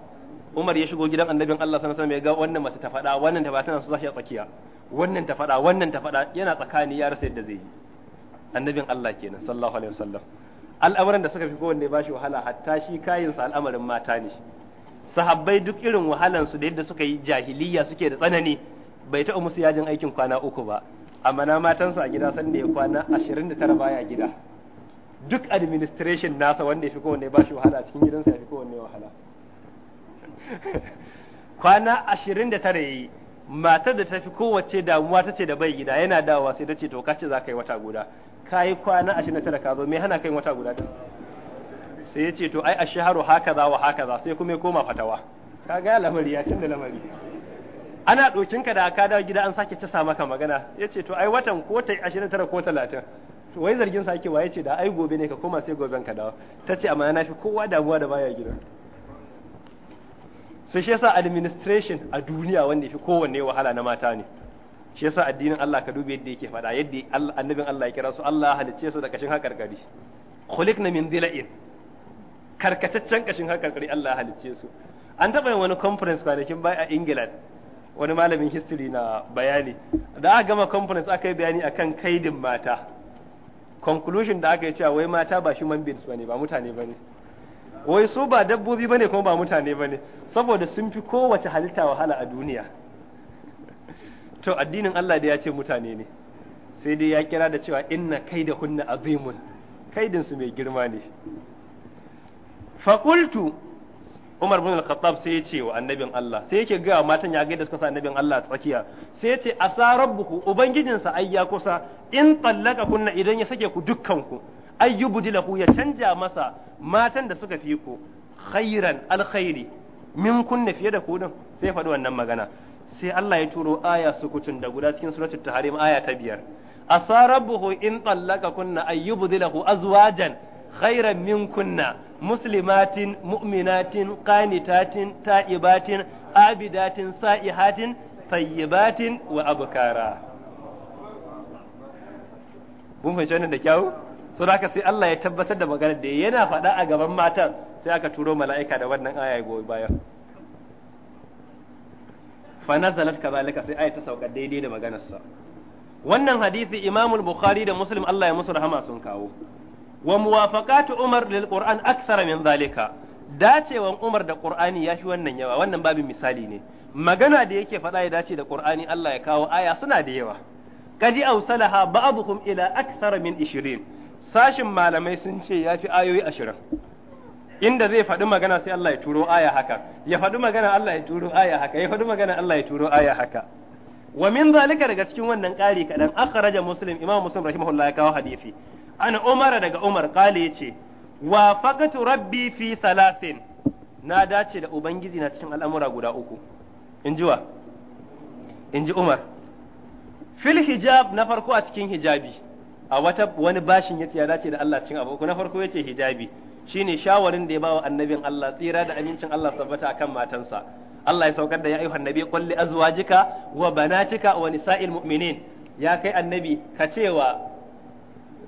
Umar ya shigo gidan annabin Allah sallallahu alaihi wasallam ya ga wannan mace ta faɗa wannan ta tana su zashi a tsakiya wannan ta faɗa wannan ta faɗa yana tsakani ya rasa yadda zai yi annabin Allah kenan sallallahu alaihi wasallam al'amuran da suka fi kowanne ba shi wahala hatta shi kayin sa al'amarin mata ne sahabbai duk irin wahalan su da yadda suka yi jahiliya suke da tsanani bai taɓa musu yajin aikin kwana uku ba amma na matansa a gida san da ya kwana 29 baya gida duk administration nasa wanda ya fi kowanne ba shi wahala cikin gidansa ya fi kowanne wahala kwana 29 yi matar da ta fi kowace damuwa ta ce da bai gida yana dawowa sai ta ce to kace za ka yi wata guda ka yi kwana 29 ka zo me hana kai wata guda sai ya ce to ai ashharu za wa haka za sai kuma ya koma fatawa gaya lamari ya da lamari ana ɗokin ka da ka dawo gida an sake cisa maka magana ya ce to ai watan ko ta 29 ko 30 to wai zargin sa ake waye ce da ai gobe ne ka koma sai goben ka dawo ta ce amma na fi kowa damuwa da baya gida sai shi yasa administration a duniya wanda ya fi kowanne wahala na mata ne shi yasa addinin Allah ka dube yadda yake fada yadda annabin Allah ya kira su Allah halicce su da kashin haƙarƙari khuliqna min dhila'in karkataccen kashin hakarkari Allah halicce su an taɓa yin wani conference kwanakin baya a England wani malamin history na bayani da aka gama conference aka yi bayani akan kaidin mata conclusion da aka yi cewa wai mata ba human beings bane ba mutane bane wai su ba dabbobi bane kuma ba mutane bane saboda sun fi kowace halitta wahala a duniya to addinin Allah da ya ce mutane ne sai dai ya kira da cewa inna kaida kunna azimun kaidin su mai girma ne faƙultu Umar bin Al-Khattab sai ya ce wa annabin Allah sai yake ga matan ya gaida suka sa annabin Allah tsakiya sai ya ce asa ubangijinsa ai kusa in tallaka kunna idan ya sake ku dukkanku ay yubdilahu ya canja masa matan da suka fi ku khairan alkhairi min kunna fiye da ku din sai faɗi wannan magana sai Allah ya turo aya sukutun da guda cikin suratul tahrim aya ta biyar asa rabbuhu in tallaka kunna ay yubdilahu azwajan khairan minkunna muslimatin mu'minatin qanitatin ta'ibatin abidatin sa'ihatin tayyibatin wa abkara mun fahimci wannan da kyau so haka sai Allah ya tabbatar da maganar da yana faɗa a gaban matan sai aka turo mala'ika da wannan aya goyi baya fa nazalat kazalika sai aya ta sauka daidai da maganarsa wannan hadisi Imam Bukhari da Muslim Allah ya musu rahama sun kawo wa muwafaqatu umar lil qur'an akthara min zalika dacewan umar da qur'ani yafi wannan yawa wannan babin misali ne magana da yake faɗa ya dace da qur'ani suna da yawa kaji ausalaha ba'dhum ila akthara min 20 sashin malamai sun ce ayoyi inda zai faɗi magana sai Allah ya turo aya haka ya faɗi magana Allah ya turo aya haka ya faɗi magana Allah ya turo aya haka wa min zalika daga cikin wannan ƙari kaɗan akhraja muslim imam muslim rahimahullah ya kawo hadisi ana umara daga umar kale yace wa faqatu rabbi fi na dace da ubangiji na cikin al'amura guda uku in ji wa in ji umar fil hijab na farko a cikin hijabi a wata wani bashin yace ya dace da Allah cikin abu na farko yace hijabi shine shawarin da ya bawa annabin Allah tsira da amincin Allah sabbata akan matansa Allah ya saukar da ya ayyuhan nabi qul li azwajika wa banatika wa nisa'il mu'minin ya kai annabi ka cewa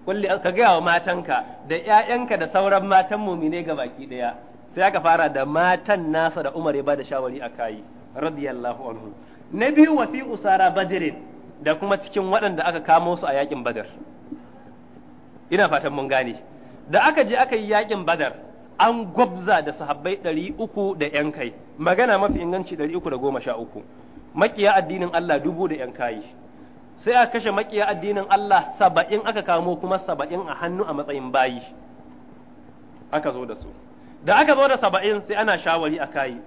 kulli ka gaya wa matanka da ƴaƴanka da sauran matan mumine ga baki daya sai aka fara da matan nasa da Umar ya bada shawari a kai radiyallahu anhu na biyu wa fi usara badrin da kuma cikin waɗanda aka kamo su a yakin badar ina fatan mun gane da aka je aka yi yakin badar an gwabza da sahabbai ɗari uku da ƴan kai magana mafi inganci ɗari uku da goma sha uku makiya addinin Allah dubu da ƴan kayi sai a kashe makiya addinin Allah saba'in aka kamo kuma saba'in a hannu a matsayin bayi aka zo da su da aka zo da saba'in sai ana shawari a kayi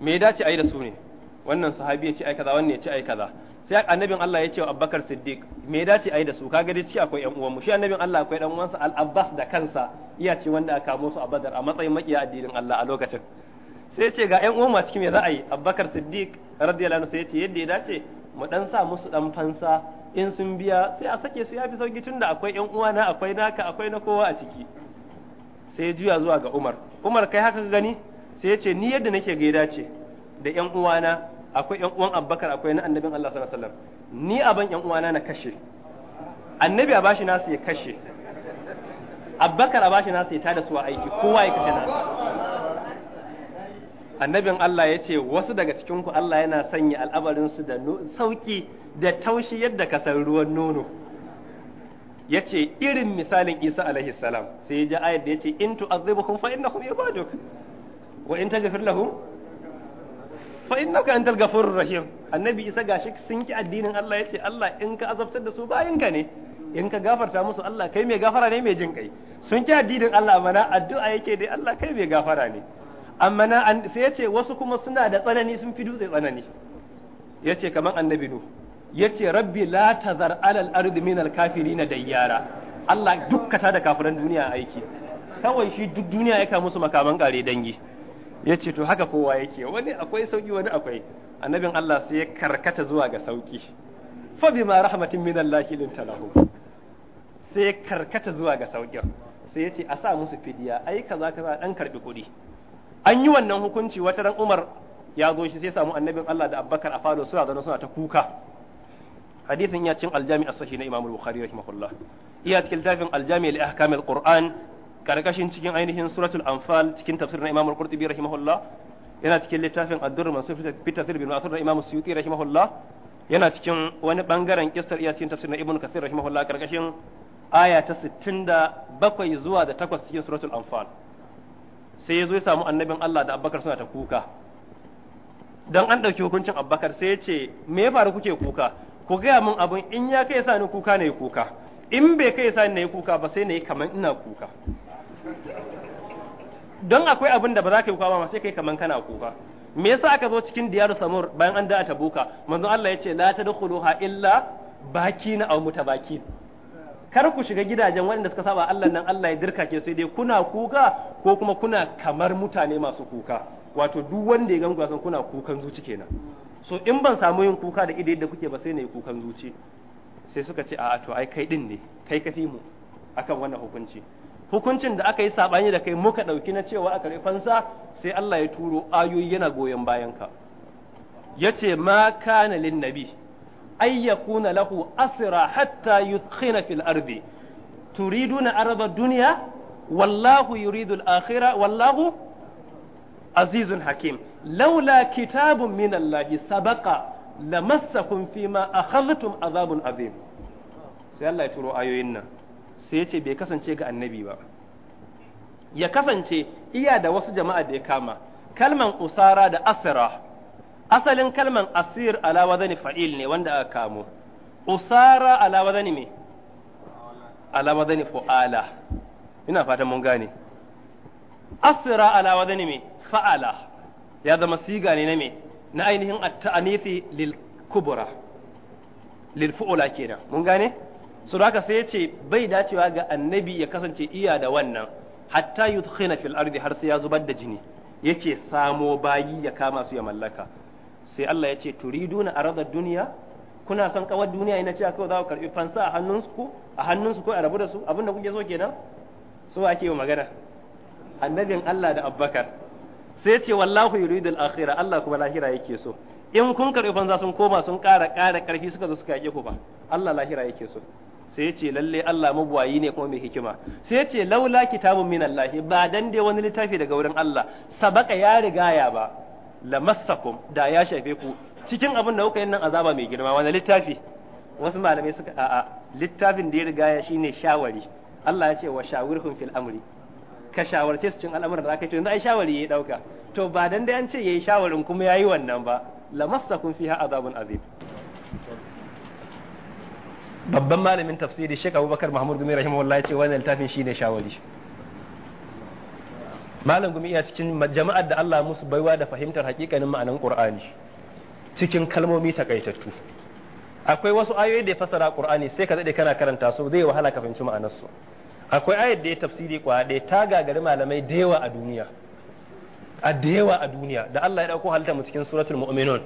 me da dace a yi da su ne wannan sahabi ya ce ai kaza wannan ya ce ai kaza sai annabin Allah ya ce wa Abubakar Siddiq me da dace a yi da su kaga dai ciki akwai ƴan mu. shi annabin Allah akwai dan uwansa Al Abbas da kansa iya ce wanda aka kamo su a Badar a matsayin makiya addinin Allah a lokacin sai ce ga ƴan uwan masu me za a yi Abubakar Siddiq radiyallahu anhu sai ya ce yadda ya dace mu dan sa musu dan fansa in sun biya sai a sake su yafi sauki tunda akwai yan uwana akwai naka akwai na kowa a ciki sai juya zuwa ga Umar Umar kai haka gani sai ya ce ni yadda nake ga dace da yan na akwai yan uwan Abubakar akwai na annabin Allah sallallahu alaihi wasallam ni aban yan uwa na kashe annabi a bashi nasu ya kashe Abubakar a bashi nasu ya tada su aiki kowa ya kashe nasu annabin Allah ya ce wasu daga cikinku Allah yana sanya al'amarinsu da sauki da taushi yadda ka san ruwan nono ya ce irin misalin Isa alaihi salam sai ya ji ayat da ya ce in tu'azzibuhum fa innahum ibaduk wa in taghfir lahum fa innaka antal ghafurur rahim annabi Isa gashi sun ki addinin Allah ya ce Allah in ka azabtar da su bayinka ne in ka gafarta musu Allah kai mai gafara ne mai jin kai sun ki addinin Allah mana addu'a yake dai Allah kai mai gafara ne amma na an sai yace wasu kuma suna da tsanani sun fi dutse tsanani yace kaman annabi nu yace rabbi la tazar alal ardi min al kafirin dayyara Allah dukkata da kafiran duniya aiki kawai shi duk duniya ya musu makaman kare dangi yace to haka kowa yake wani akwai sauki wani akwai annabin Allah sai ya karkata zuwa ga sauki fa bima rahmatin min Allah linta lahu sai ya karkata zuwa ga sauki sai yace a sa musu fidiya ai kaza kaza dan karbi kuɗi an yi wannan hukunci wata ran Umar ya zo shi sai samu annabin Allah da Abubakar a falo suna zaune suna ta kuka hadisin ya cin aljami as na Imam Bukhari rahimahullah iya cikin littafin aljami li ahkam al-Qur'an karkashin cikin ainihin suratul anfal cikin tafsir na Imam al-Qurtubi rahimahullah yana cikin littafin ad-durr mansur fi tafsir bin Mas'ud na Imam Suyuti rahimahullah yana cikin wani bangaren kissar iya cikin tafsir na Ibn Kathir rahimahullah karkashin aya ta 67 zuwa da 8 cikin suratul anfal sai ya zo ya samu annabin Allah da Abubakar suna ta kuka dan an ɗauki hukuncin Abubakar sai ya ce me ya faru kuke kuka ku gaya min abin in ya kai sa ni kuka ne kuka in bai kai sa ni kuka ba sai na yi kaman ina kuka don akwai abin da ba za ka yi kuka ba sai kai kaman kana kuka me yasa aka zo cikin diyaru samur bayan an da ta buka manzon Allah ya ce la tadkhuluha illa baki na aw mutabakin kar ku shiga gidajen waɗanda suka saba Allah nan Allah ya ke sai dai kuna kuka ko kuma kuna kamar mutane masu kuka wato duk wanda ya gan gwasan kuna kukan zuci kenan so in ban samu yin kuka da idai da kuke ba sai na yi kukan zuci sai suka ce a to ai kai din ne kai kafi mu akan wannan hukunci hukuncin da aka yi sabani da kai muka ɗauki na cewa a fansa sai Allah ya turo ayoyi yana goyon bayanka ya ce ma kana lin nabi ay yakuna lahu asra hatta yuthkhina fil ardi turiduna araba duniya. wallahu yuridu al-akhirah wallahu azizun hakim laula kitabun min Allah sabaqa lamassakum fima akhadhtum azabun azim sai Allah ya turo ayoyin nan sai ya ce bai kasance ga annabi ba ya kasance iya da wasu jama'a da ya kama kalman usara da asra asalin kalman asir ala wadani fa'il ne wanda aka kamo usara ala wadani me ala wadani fu'ala ina fatan mun gane asira ala wadani me fa'ala ya zama siga ne na me na ainihin at tanifi lil kubra lil fu'ula kenan mun gane so da haka sai ya ce bai dacewa ga annabi ya kasance iya da wannan hatta yudkhina fil ardi har sai ya zubar da jini yake samo bayi ya kama su ya mallaka sai Allah ya ce turiduna aradad duniya kuna son kawar duniya ina ce kawai za ku karbi fansa a hannunsu a hannunsu ko a rabu da su abin da kuke so kenan so ake yi magana annabin Allah da Abubakar sai ce wallahu yuridul akhirah Allah kuma lahira yake so in kun karbi fansa sun koma sun ƙara ƙara ƙarfi suka zo suka yake ku ba Allah lahira yake so sai ce lalle Allah mabuwayi ne kuma mai hikima sai ce laula kitabun min Allah ba dan wani littafi daga wurin Allah sabaka ya rigaya ba lamassakum da ya shafe ku cikin abin da kuka yin nan azaba mai girma wani littafi wasu malamai suka a'a littafin da ya riga ya shine shawari Allah ya ce wa shawirhum fil amri ka shawarce su cin al'amuran da aka yi to ai shawari ya dauka to ba dan dai an ce yayi shawarin kuma yayi wannan ba lamassakum fiha azabun azim babban malamin tafsiri Sheikh Abubakar Mahmud Gumi rahimahullah ya ce wannan littafin shine shawari malam gumi iya cikin jama'ar da Allah musu baiwa da fahimtar hakikanin ma'anan Qur'ani cikin kalmomi takaitattu akwai wasu ayoyi da ya fasara Qur'ani sai ka dade kana karanta su zai wahala ka fahimci ma'anar su akwai ayar da ya tafsiri kwa da ta gagari malamai da yawa a duniya a da yawa a duniya da Allah ya dauko halitta mu cikin suratul mu'minun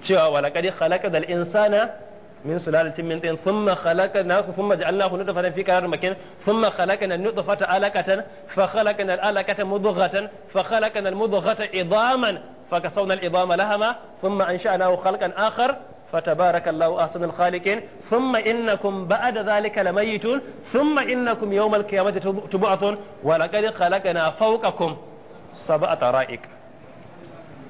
cewa walaqad khalaqal insana من سلالة من طين ثم خلقناه ثم جعلناه نطفة في قرار مكين ثم خلقنا النطفة علقة فخلقنا العلقة مضغة فخلقنا المضغة عظاما فكسونا العظام لهما ثم أنشأناه خلقا آخر فتبارك الله أحسن الخالقين ثم إنكم بعد ذلك لميتون ثم إنكم يوم القيامة تبعثون ولقد خلقنا فوقكم سبعة رائق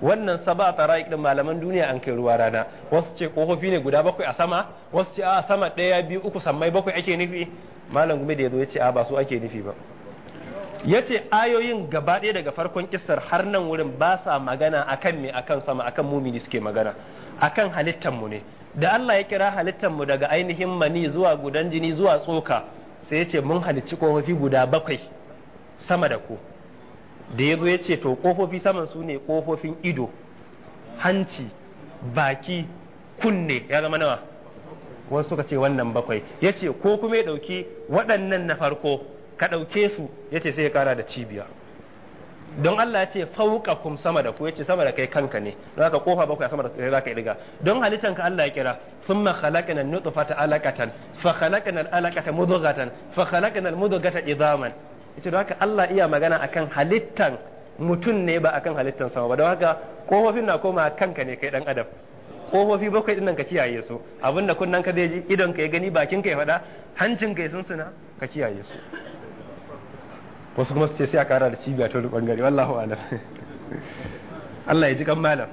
wannan saba taraik din malaman duniya an kai ruwa rana wasu ce kofofi ne guda bakwai a sama wasu ce a sama ɗaya biyu uku sammai bakwai ake nufi malam gume da yazo ya ce a ba su ake nufi ba ya ce ayoyin gaba ɗaya daga farkon kisar har nan wurin ba sa magana akan me akan sama akan mumini suke magana akan halittar mu ne da Allah ya kira halittar mu daga ainihin mani zuwa gudan jini zuwa tsoka sai ya ce mun halicci kofofi guda bakwai sama da ku da ya zo ya ce to ƙofofi saman su ne ƙofofin ido hanci baki kunne ya zama nawa wasu suka ce wannan bakwai ya ce ko kuma ya ɗauki waɗannan na farko ka ɗauke su ya ce sai ya ƙara da cibiya don Allah ya ce fauka kum sama da ku ya ce sama da kai kanka ne don haka kofa bakwai sama da kai ka diga don halittan ka Allah ya kira thumma khalaqna ta alakatan fa khalaqna alakata mudghatan fa khalaqna almudghata idaman yace don haka Allah iya magana akan halittan mutum ne ba akan halittan sama ba don haka kofofin na koma kanka ne kai dan adam kofofi bakwai nan ka kiyaye su abinda kunnan ka zai ji idon ka ya gani bakin ka ya faɗa hancin ka ya sunsuna ka kiyaye su wasu kuma su ce sai a kara da cibiya ta bangare wallahu alam Allah ya ji kan malam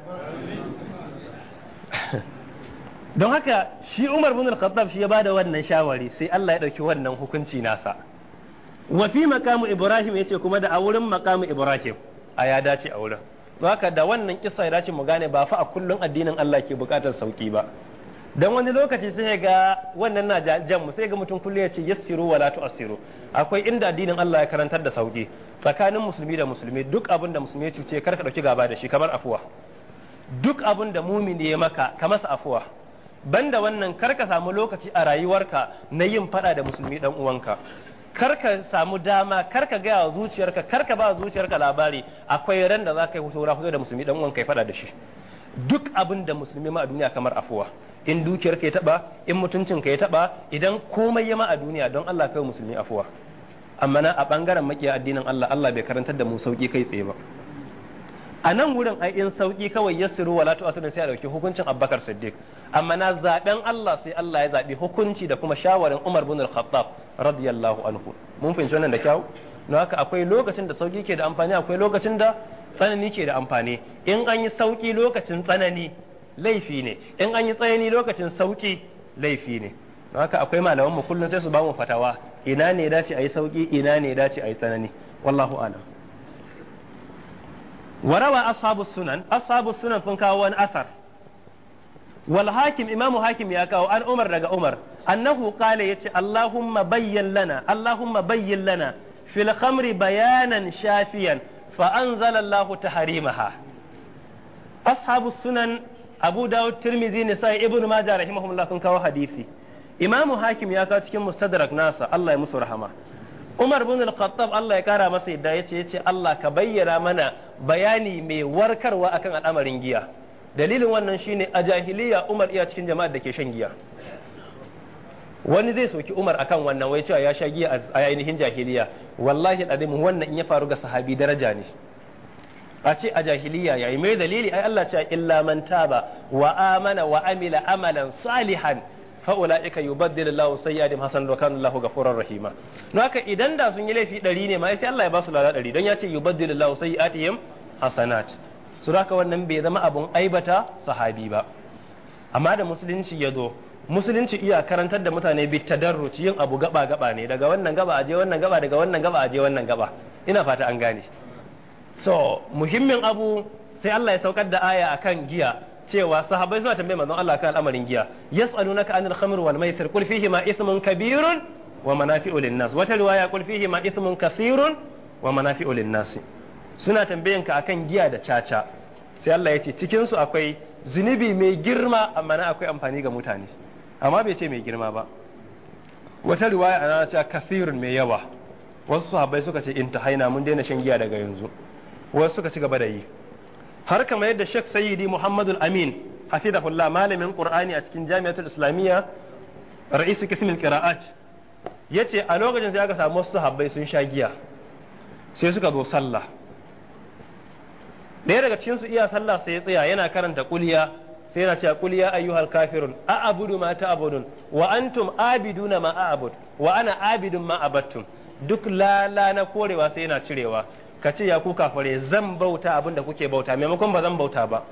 don haka shi Umar bin Al-Khattab shi ya bada wannan shawari sai Allah ya dauki wannan hukunci nasa wa fi makamu ibrahim yace kuma da a wurin makamu ibrahim a ya dace a wurin haka da wannan kisa ya dace mu gane ba fa a kullun addinin Allah ke bukatar sauki ba dan wani lokaci sai ga wannan na jan mu sai ga mutum kullu ya ce yassiru wala tu'assiru akwai inda addinin Allah ya karantar da sauki tsakanin musulmi da musulmi duk abin da musulmi ya cuce karka dauki gaba da shi kamar afuwa duk abin da mumini ya maka ka masa afuwa banda wannan kar ka samu lokaci a rayuwarka na yin fada da musulmi dan uwanka karka samu dama karka gaya wa zuciyarka karka ba zuciyarka labari akwai ran da za ka yi hura da musulmi dan uwan ya fada da shi duk abin da musulmi ma a duniya kamar afuwa in dukiyar ka ya taba in mutuncin ka ya taba idan komai ya ma a duniya don Allah kai musulmi afuwa amma na a bangaren makiya addinin Allah Allah bai karantar da mu sauki kai tsaye ba a nan wurin ai in sauki kawai yassiru wala tu'siru sai a dauki hukuncin Abubakar Siddiq amma na zaben Allah sai Allah ya zabi hukunci da kuma shawarin Umar bin Al-Khattab radiyallahu anhu mun fahimci wannan da kyau don haka akwai lokacin da sauki ke da amfani akwai lokacin da tsanani ke da amfani in an yi sauki lokacin tsanani laifi ne in an yi tsanani lokacin sauki laifi ne don haka akwai malaman mu kullum sai su ba mu fatawa ina ne dace a yi sauki ina ne dace a yi tsanani wallahu a'lam warawa ashabu sunan ashabu sunan sun kawo wani asar wal hakim imamu hakim ya kawo an umar daga umar annahu qala yace allahumma bayyin lana allahumma bayyin lana fil khamri bayanan shafiyan fa anzala allah tahrimaha ashabu sunan abu dawud tirmidhi nisa'i ibnu majah rahimahumullah sun kawo hadisi imamu hakim ya kawo cikin mustadrak nasa Allah ya musu rahama Umar bin Al-Khattab Allah ya kara masa yadda yace yace Allah ka bayyana mana bayani mai warkarwa akan al'amarin giya dalilin wannan shine a jahiliya Umar iya cikin jama'ar da ke shan giya wani zai soki Umar akan wannan wai cewa ya sha giya a ainihin jahiliya wallahi alazim wannan in ya faru ga sahabi daraja ne a ce a jahiliya yayi mai dalili ai Allah ce illa man taba wa amana wa amila amalan salihan fa ulaika yubaddilu Allahu sayyi'atihim hasan wa kana Allahu ghafurur rahima don haka idan da sun yi laifi ɗari ne ma sai Allah ya ba su lada ɗari don ya ce yubaddilu Allahu sayyi'atihim hasanat su haka wannan bai zama abun aibata sahabi ba amma da musulunci ya zo musulunci iya karantar da mutane bi tadarruci yin abu gaba gaba ne daga wannan gaba aje wannan gaba daga wannan gaba aje wannan gaba ina fata an gane so muhimmin abu sai Allah ya saukar da aya akan giya cewa sahabbai suna tambayar manzon Allah kan al'amarin giya yas'alunaka anil khamr wal maisir qul fihi ma ithmun kabirun wa manafi'u lin nas wata riwaya qul fihi ma ithmun kathirun wa manafi'u lin nas suna tambayan ka akan giya da caca sai Allah ya ce cikin su akwai zunubi mai girma amma na akwai amfani ga mutane amma bai ce mai girma ba wata riwaya ana cewa kathirun mai yawa wasu sahabbai suka ce intahaina mun daina shan giya daga yanzu wasu suka ci gaba da yi har kamar yadda Sheikh Sayyidi Muhammadu Amin hafidahullah malamin Qur'ani a cikin Jami'atul Islamiyya ra'isu kismil qira'at yace a lokacin sai aka samu wasu sahabbai sun sha giya sai suka zo sallah ɗaya daga cikin su iya sallah sai ya tsaya yana karanta kulya sai yana cewa kulya ayyuhal kafirun abudu ma ta'budun wa antum abiduna ma a'bud wa ana abidun ma abattum duk lala na korewa sai yana cirewa ka ce ya ku kafare zan bauta abin da kuke bauta maimakon ba zan bauta ba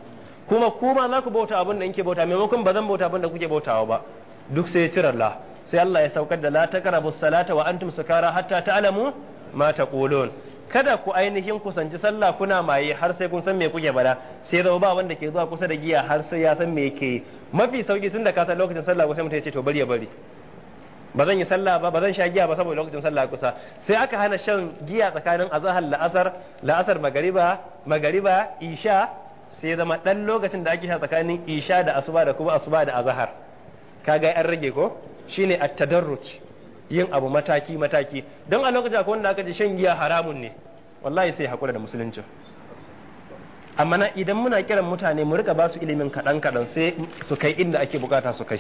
kuma kuma za ku bauta abin da yake bauta maimakon ba zan bauta abin da kuke bautawa ba duk sai ya cire la sai Allah ya saukar da la taqrabu salata wa antum sukara hatta ta'lamu ma taqulun kada ku ainihin kusanci sallah kuna maye har sai kun san me kuke bada sai zo ba wanda ke zuwa kusa da giya har sai ya san me yake mafi sauki tunda ka san lokacin sallah ko sai mutai ce to bari ya bari ba zan yi sallah ba ba zan sha giya ba saboda lokacin sallah kusa sai aka hana shan giya tsakanin azahar la'asar la'asar magariba magariba isha sai ya zama dan lokacin da ake sha tsakanin isha da asuba da kuma asuba da azahar kaga an rage ko shine at-tadarruj yin abu mataki mataki don a lokacin akwai wanda aka ji shan giya haramun ne wallahi sai hakura da musulunci amma idan muna kiran mutane mu rika ba su ilimin kaɗan kadan sai su kai inda ake bukata su kai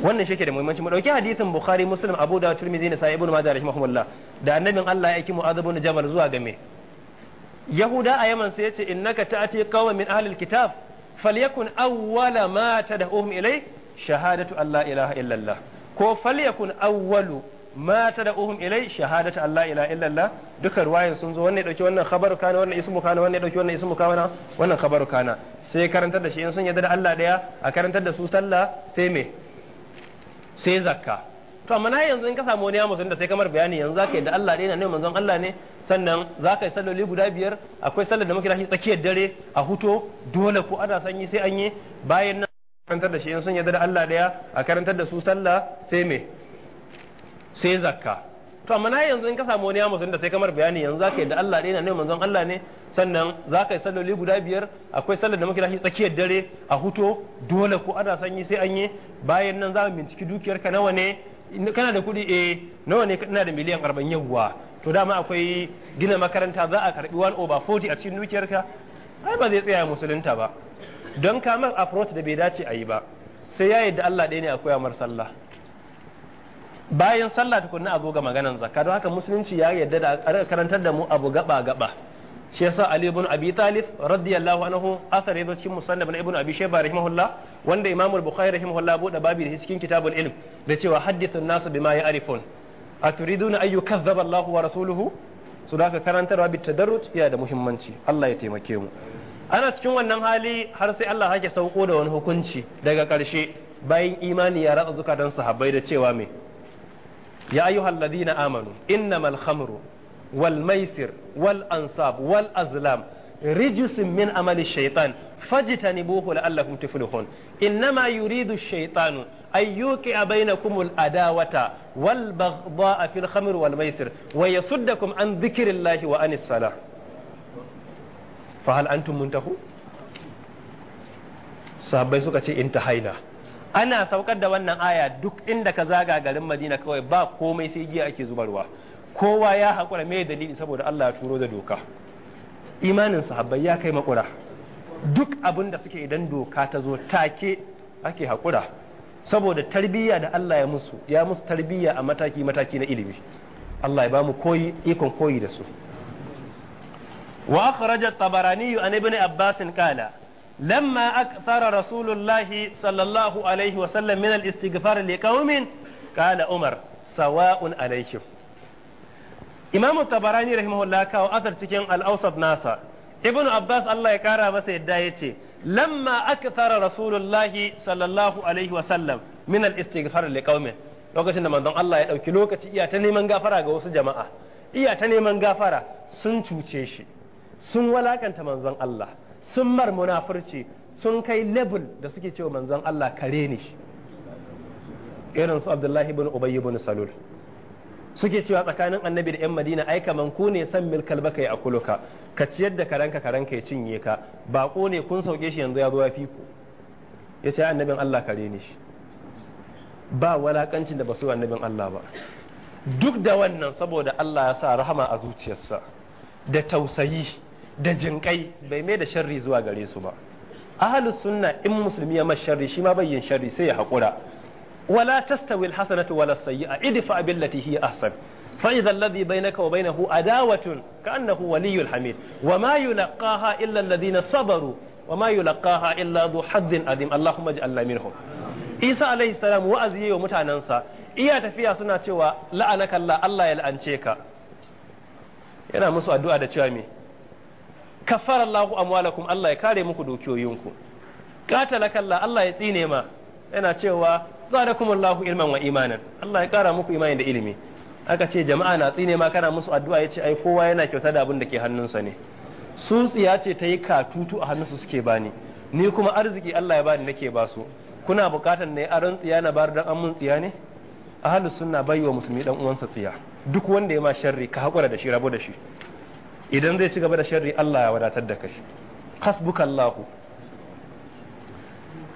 wannan shi ke da muhimmanci mu dauki hadisin bukhari muslim abu da tirmidhi na sahih ibn majah rahimahumullah da annabin Allah ya aiki mu'adh ibn jabal zuwa game. yahuda a yaman sai yace innaka ta'ati qauman min ahli alkitab falyakun awwala ma tad'uhum ilay shahadatu alla ilaha illallah ko falyakun awwalu ma tad'uhum ilay shahadatu alla ilaha illallah duka ruwayan sun zo wanne ya dauki wannan khabaru kana wannan ismu kana wannan ya dauki wannan ismu kana wannan khabaru kana sai karantar da shi in sun yarda da Allah daya a karantar da su sallah sai me sai zakka to amma na yanzu in ka samu wani ya sanda sai kamar bayani yanzu zaka yadda Allah ne ne manzon Allah ne sannan zaka yi salloli guda biyar akwai sallar da muke da shi tsakiyar dare a huto dole ko ana sanyi sai an yi bayan nan karantar da shi in sun yadda da Allah daya a karantar da su sallah sai me sai zakka to amma na yanzu in ka samu wani ya da sai kamar bayani yanzu zaka yi da Allah ɗaya ne manzon Allah ne sannan zaka yi salloli guda biyar akwai sallar da muke da shi tsakiyar dare a huto dole ko ana sanyi sai an yi bayan nan za mu binciki dukiyar ka nawa ne kana da kuɗi eh nawa ne kana da miliyan 40 yawa to dama akwai gina makaranta za a karbi 1 over 40 a cikin ka ai ba zai tsaya musulunta ba don kamar approach da bai dace a yi ba sai ya yi da Allah ɗaya ne a koya sallah bayan sallah tukunna a zo ga maganan zakka don haka musulunci ya yarda da a karantar da mu abu gaba gaba shi yasa Ali ibn Abi Talib radiyallahu anhu asar yazo cikin musannaf na Ibn Abi Shayba rahimahullah wanda Imam al-Bukhari rahimahullah bude babi da cikin kitabul ilm da cewa hadithun nasu bima ya'rifun aturiduna an yukazzaba Allahu wa rasuluhu su da karantarwa bi tadarruj yana da muhimmanci Allah ya taimake mu ana cikin wannan hali har sai Allah hake sauko da wani hukunci daga karshe bayan imani ya ratsa zukatan sahabbai da cewa me ya ayyuhal ladina amanu innamal khamru wal maisir wal ansab wal azlam rijisun min amali shaitan fajtanibuhu la'allakum tuflihun innama yuridu shaitanu أن يوقع بينكم الأداوة والبغضاء في الخمر والميسر ويصدكم عن ذكر الله وعن الصلاة فهل أنتم منتهون sahabbai suka ce intahaina ana saukar da wannan aya duk inda ka zaga garin Madina kawai ba komai sai giya ake zubarwa kowa ya haƙura mai dalili saboda Allah ya turo da doka imanin sahabbai ya kai makura duk abin da suke idan doka ta zo take ake haƙura saboda tarbiyya da Allah ya musu ya musu tarbiyya a mataki mataki na ilimi Allah ya ba mu koyi ikon koyi da su wa akhrajat tabarani an ibn abbas qala لما أكثر رسول الله صلى الله عليه وسلم من الاستغفار لقوم قال عمر سواء عليكم إمام الطبراني رحمه الله كاو أثر تكين الأوسط ناسا ابن عباس الله يكارى بس يدايتي لما أكثر رسول الله صلى الله عليه وسلم من الاستغفار لقوم lokacin da دون الله ya ɗauki lokaci iya تني من gafara ga wasu jama'a iya ta neman gafara sun cuce shi sun walakanta manzon Allah sun mar munafurci sun kai level da suke cewa manzon Allah kare ne irin su Abdullahi ibn Ubayy ibn Salul suke cewa tsakanin annabi da 'yan madina ai kamar ku ne san mil kalba kai a kuluka ka ciyar da karanka karanka ya cinye ka bako ne kun sauke shi yanzu ya zo ya fi ku ya ce annabin Allah kare ne ba walakancin da ba su annabin Allah ba duk da wannan saboda Allah ya sa rahama a zuciyarsa da tausayi da jinkai bai mai da sharri zuwa gare su ba ahlus sunna in musulmi ya ma sharri shi ma bai yin sharri sai ya haƙura wala tastawi alhasanatu wala sayyi'a idfa billati hiya ahsan fa idha alladhi bainaka wa bainahu adawatun ka'annahu waliyyul hamid wa ma yulqaha illa alladhina sabaru wa ma yulqaha illa dhu haddin adim allahumma ij'alna minhum isa alayhi salam wa'azi yayi wa mutanansa iya tafiya suna cewa la'anaka allah allah ya la'ance ka yana musu addu'a da cewa me kafarallahu amwalakum Allah ya kare muku dukiyoyinku qatala kalla Allah ya tsine ma yana cewa zadakumullahu ilman wa imanan Allah ya kara muku imani da ilimi aka ce jama'a na tsine ma kana musu addu'a yace ai kowa yana kyauta da abin da ke hannunsa ne su tsiya ce ta yi katutu a hannunsu suke bani ni kuma arziki Allah ya bani nake ba su kuna bukatan ne aron tsiya na bar dan amun tsiya ne ahlus sunna bai wa musulmi dan uwansa tsiya duk wanda ya ma sharri ka hakura da shi rabo da shi idan zai ci gaba da sharri Allah ya wadatar da kai hasbukallahu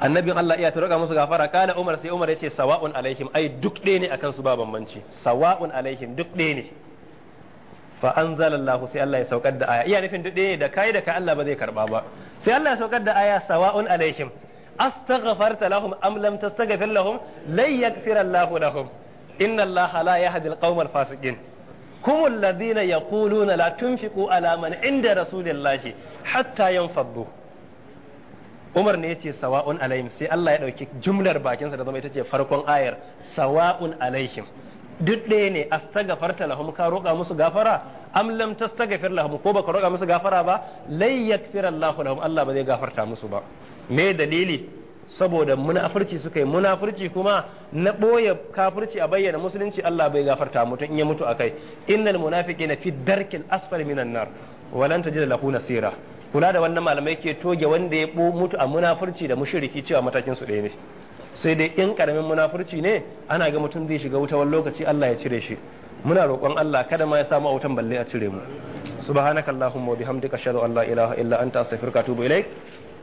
annabin Allah iya ta roƙa musu gafara kana Umar sai Umar yace sawa'un alaihim ai duk ɗaya ne akan su ba bambanci sawa'un alaihim duk ɗaya ne fa anzalallahu sai Allah ya saukar da aya iya nufin duk ɗaya ne da kai da kai Allah ba zai karba ba sai Allah ya saukar da aya sawa'un alaihim astaghfarta lahum am lam tastaghfir lahum lan yaghfira Allahu lahum inna Allah la yahdi al-qawma al-fasiqin الذين يقولون لا تنفقوا على من عند inda الله hatta ينفضوا Umar ne yace sawa'un alaihim sai Allah ya ɗauki jumlar bakinsa da zama ita ce farkon ayar sawa'un alaihim duk ɗaya ne astaghfarta lahum ka roƙa musu gafara am lam tastaghfir lahum ko baka roƙa musu gafara ba lai Allahu lahum Allah ba zai gafarta musu ba me dalili saboda munafurci suka yi munafurci kuma na ɓoye kafirci a bayyana musulunci Allah bai gafarta mutu in ya mutu akai innal na fi darkil asfali minan nar walan tajid lahu nasira kula da wannan malamai ke toge wanda ya mutu a munafurci da mushriki cewa matakin su ɗaya ne sai dai in karamin munafurci ne ana ga mutum zai shiga wuta wani lokaci Allah ya cire shi muna roƙon Allah kada ma ya samu a wutan balle a cire mu subhanakallahumma wa bihamdika ashhadu an la ilaha illa anta astaghfiruka wa atubu ilaik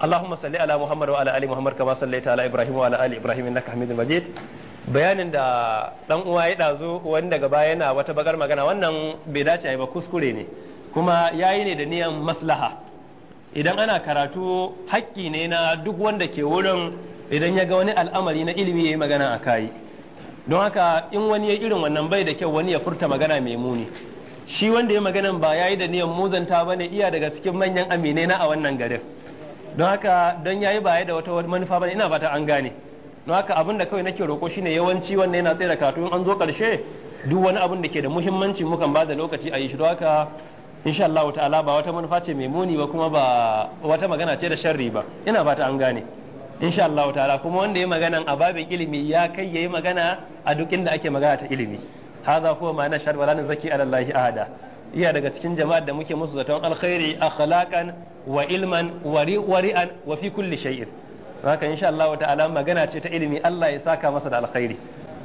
اللهم صل على محمد وعلى ال محمد كما صليت على ابراهيم وعلى ال ابراهيم انك حميد مجيد bayanin da dan uwa ya dazo wani daga baya yana wata bagar magana wannan bai dace ai ba kuskure ne kuma yayi ne da niyan maslaha idan ana karatu haƙƙi ne na duk wanda ke wurin idan ya ga wani al'amari na ilimi yayi magana a kai don haka in wani ya irin wannan bai da kyau wani ya furta magana mai muni shi wanda ya magana ba yayi da niyan muzanta bane iya daga cikin manyan amine na a wannan garin don haka don yayi baya da wata manufa bane ina fata an gane don haka abin da kawai nake roƙo shine yawanci wannan yana tsere katu an zo ƙarshe duk wani abin da ke da muhimmanci mukan ba da lokaci a yi shi don haka insha Allah ta'ala ba wata manufa ce mai muni ba kuma ba wata magana ce da sharri ba ina fata an gane insha Allah ta'ala kuma wanda ya magana a babin ilimi ya kai yayi magana a duk inda ake magana ta ilimi hadha huwa ma'ana sharri wala nazaki ala Allah ahada iya daga cikin jama'ar da muke musu zaton alkhairi akhlaqan wa ilman wa ri'an wa fi kulli shay'in haka insha Allah ta'ala magana ce ta ilimi Allah ya saka masa da alkhairi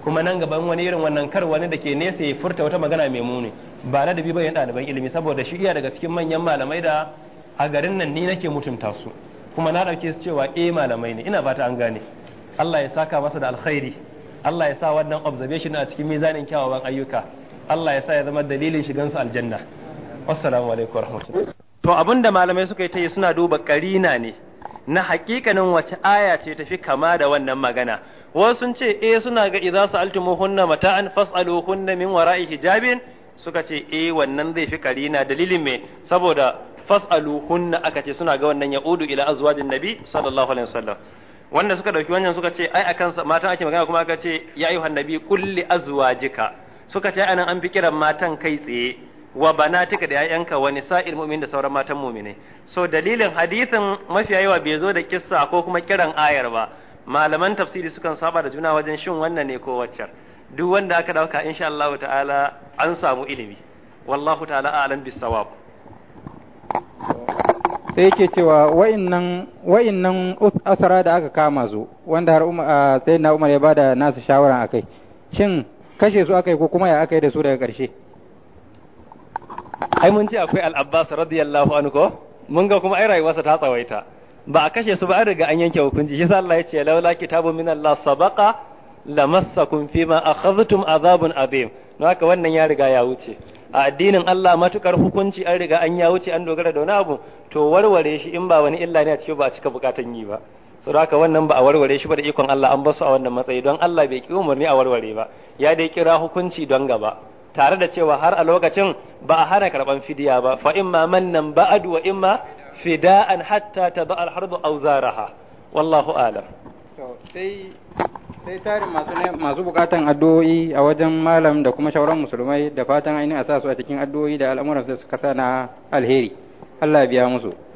kuma nan gaban wani irin wannan kar wani da ke nesa ya furta wata magana mai muni ba na da bi bayan ɗaliban ilimi saboda shi iya daga cikin manyan malamai da a garin nan ni nake mutunta su kuma na ɗauke su cewa eh malamai ne ina fata an gane Allah ya saka masa da alkhairi Allah ya sa wannan observation a cikin mizanin kyawawan ayyuka Allah ya sa ya zama dalilin shigansu aljanna assalamu alaikum warahmatullahi to abinda malamai suka yi suna duba karina ne na hakikanin wace aya ce tafi kama da wannan magana wasu sun ce eh suna ga idza sa'altumuhunna mata'an fas'aluhunna min wara'i hijabin suka ce eh wannan zai fi karina dalilin me saboda fas'aluhunna aka ce suna ga wannan ya'udu ila azwajin nabi sallallahu alaihi wasallam wanda suka dauki wannan suka ce ai akan matan ake magana kuma aka ce ya ayyuhan nabi qul li azwajika suka ce anan an fi kiran matan kai tsaye wa banatika da 'ya'yanka wani nisa'il mu'min da sauran matan mu'mine so dalilin hadisin mafiya yawa bai zo da kissa ko kuma kiran ayar ba malaman tafsiri sukan saba da juna wajen shin wannan ne ko waccar duk wanda aka dauka insha Allah ta'ala an samu ilimi wallahu ta'ala a'lam bisawab sai yake cewa wa'innan wa'innan asara da aka kama zo wanda har sai na Umar ya bada nasu shawara akai shin kashe su aka yi ko kuma ya aka yi da su daga ƙarshe ai mun ce akwai al'abbas radiyallahu anhu ko mun ga kuma ai rayuwarsa ta tsawaita ba a kashe su ba an riga an yanke hukunci shi Allah ya ce laula kitabun min Allah sabaqa lamassakum a akhadhtum azabun azim don haka wannan ya riga ya wuce a addinin Allah matukar hukunci an riga an ya wuce an dogara da wani abu to warware shi in ba wani illa ne a cikin ba a cika bukatan yi ba saboda haka wannan ba a warware shi ba da ikon Allah an basu a wannan matsayi don Allah bai ki umarni a warware ba ya dai kira hukunci don gaba tare da cewa har a lokacin ba a hana karban fidiya ba fa in imma mannan in wa fida fida'an hatta ta alharbu harbu auzaraha wallahu alam sai sai tarin masu masu bukatan addu'o'i a wajen malam da kuma shauran musulmai da fatan ainihin a sa su a cikin addu'o'i da al'amuran su suka sa na alheri Allah ya biya musu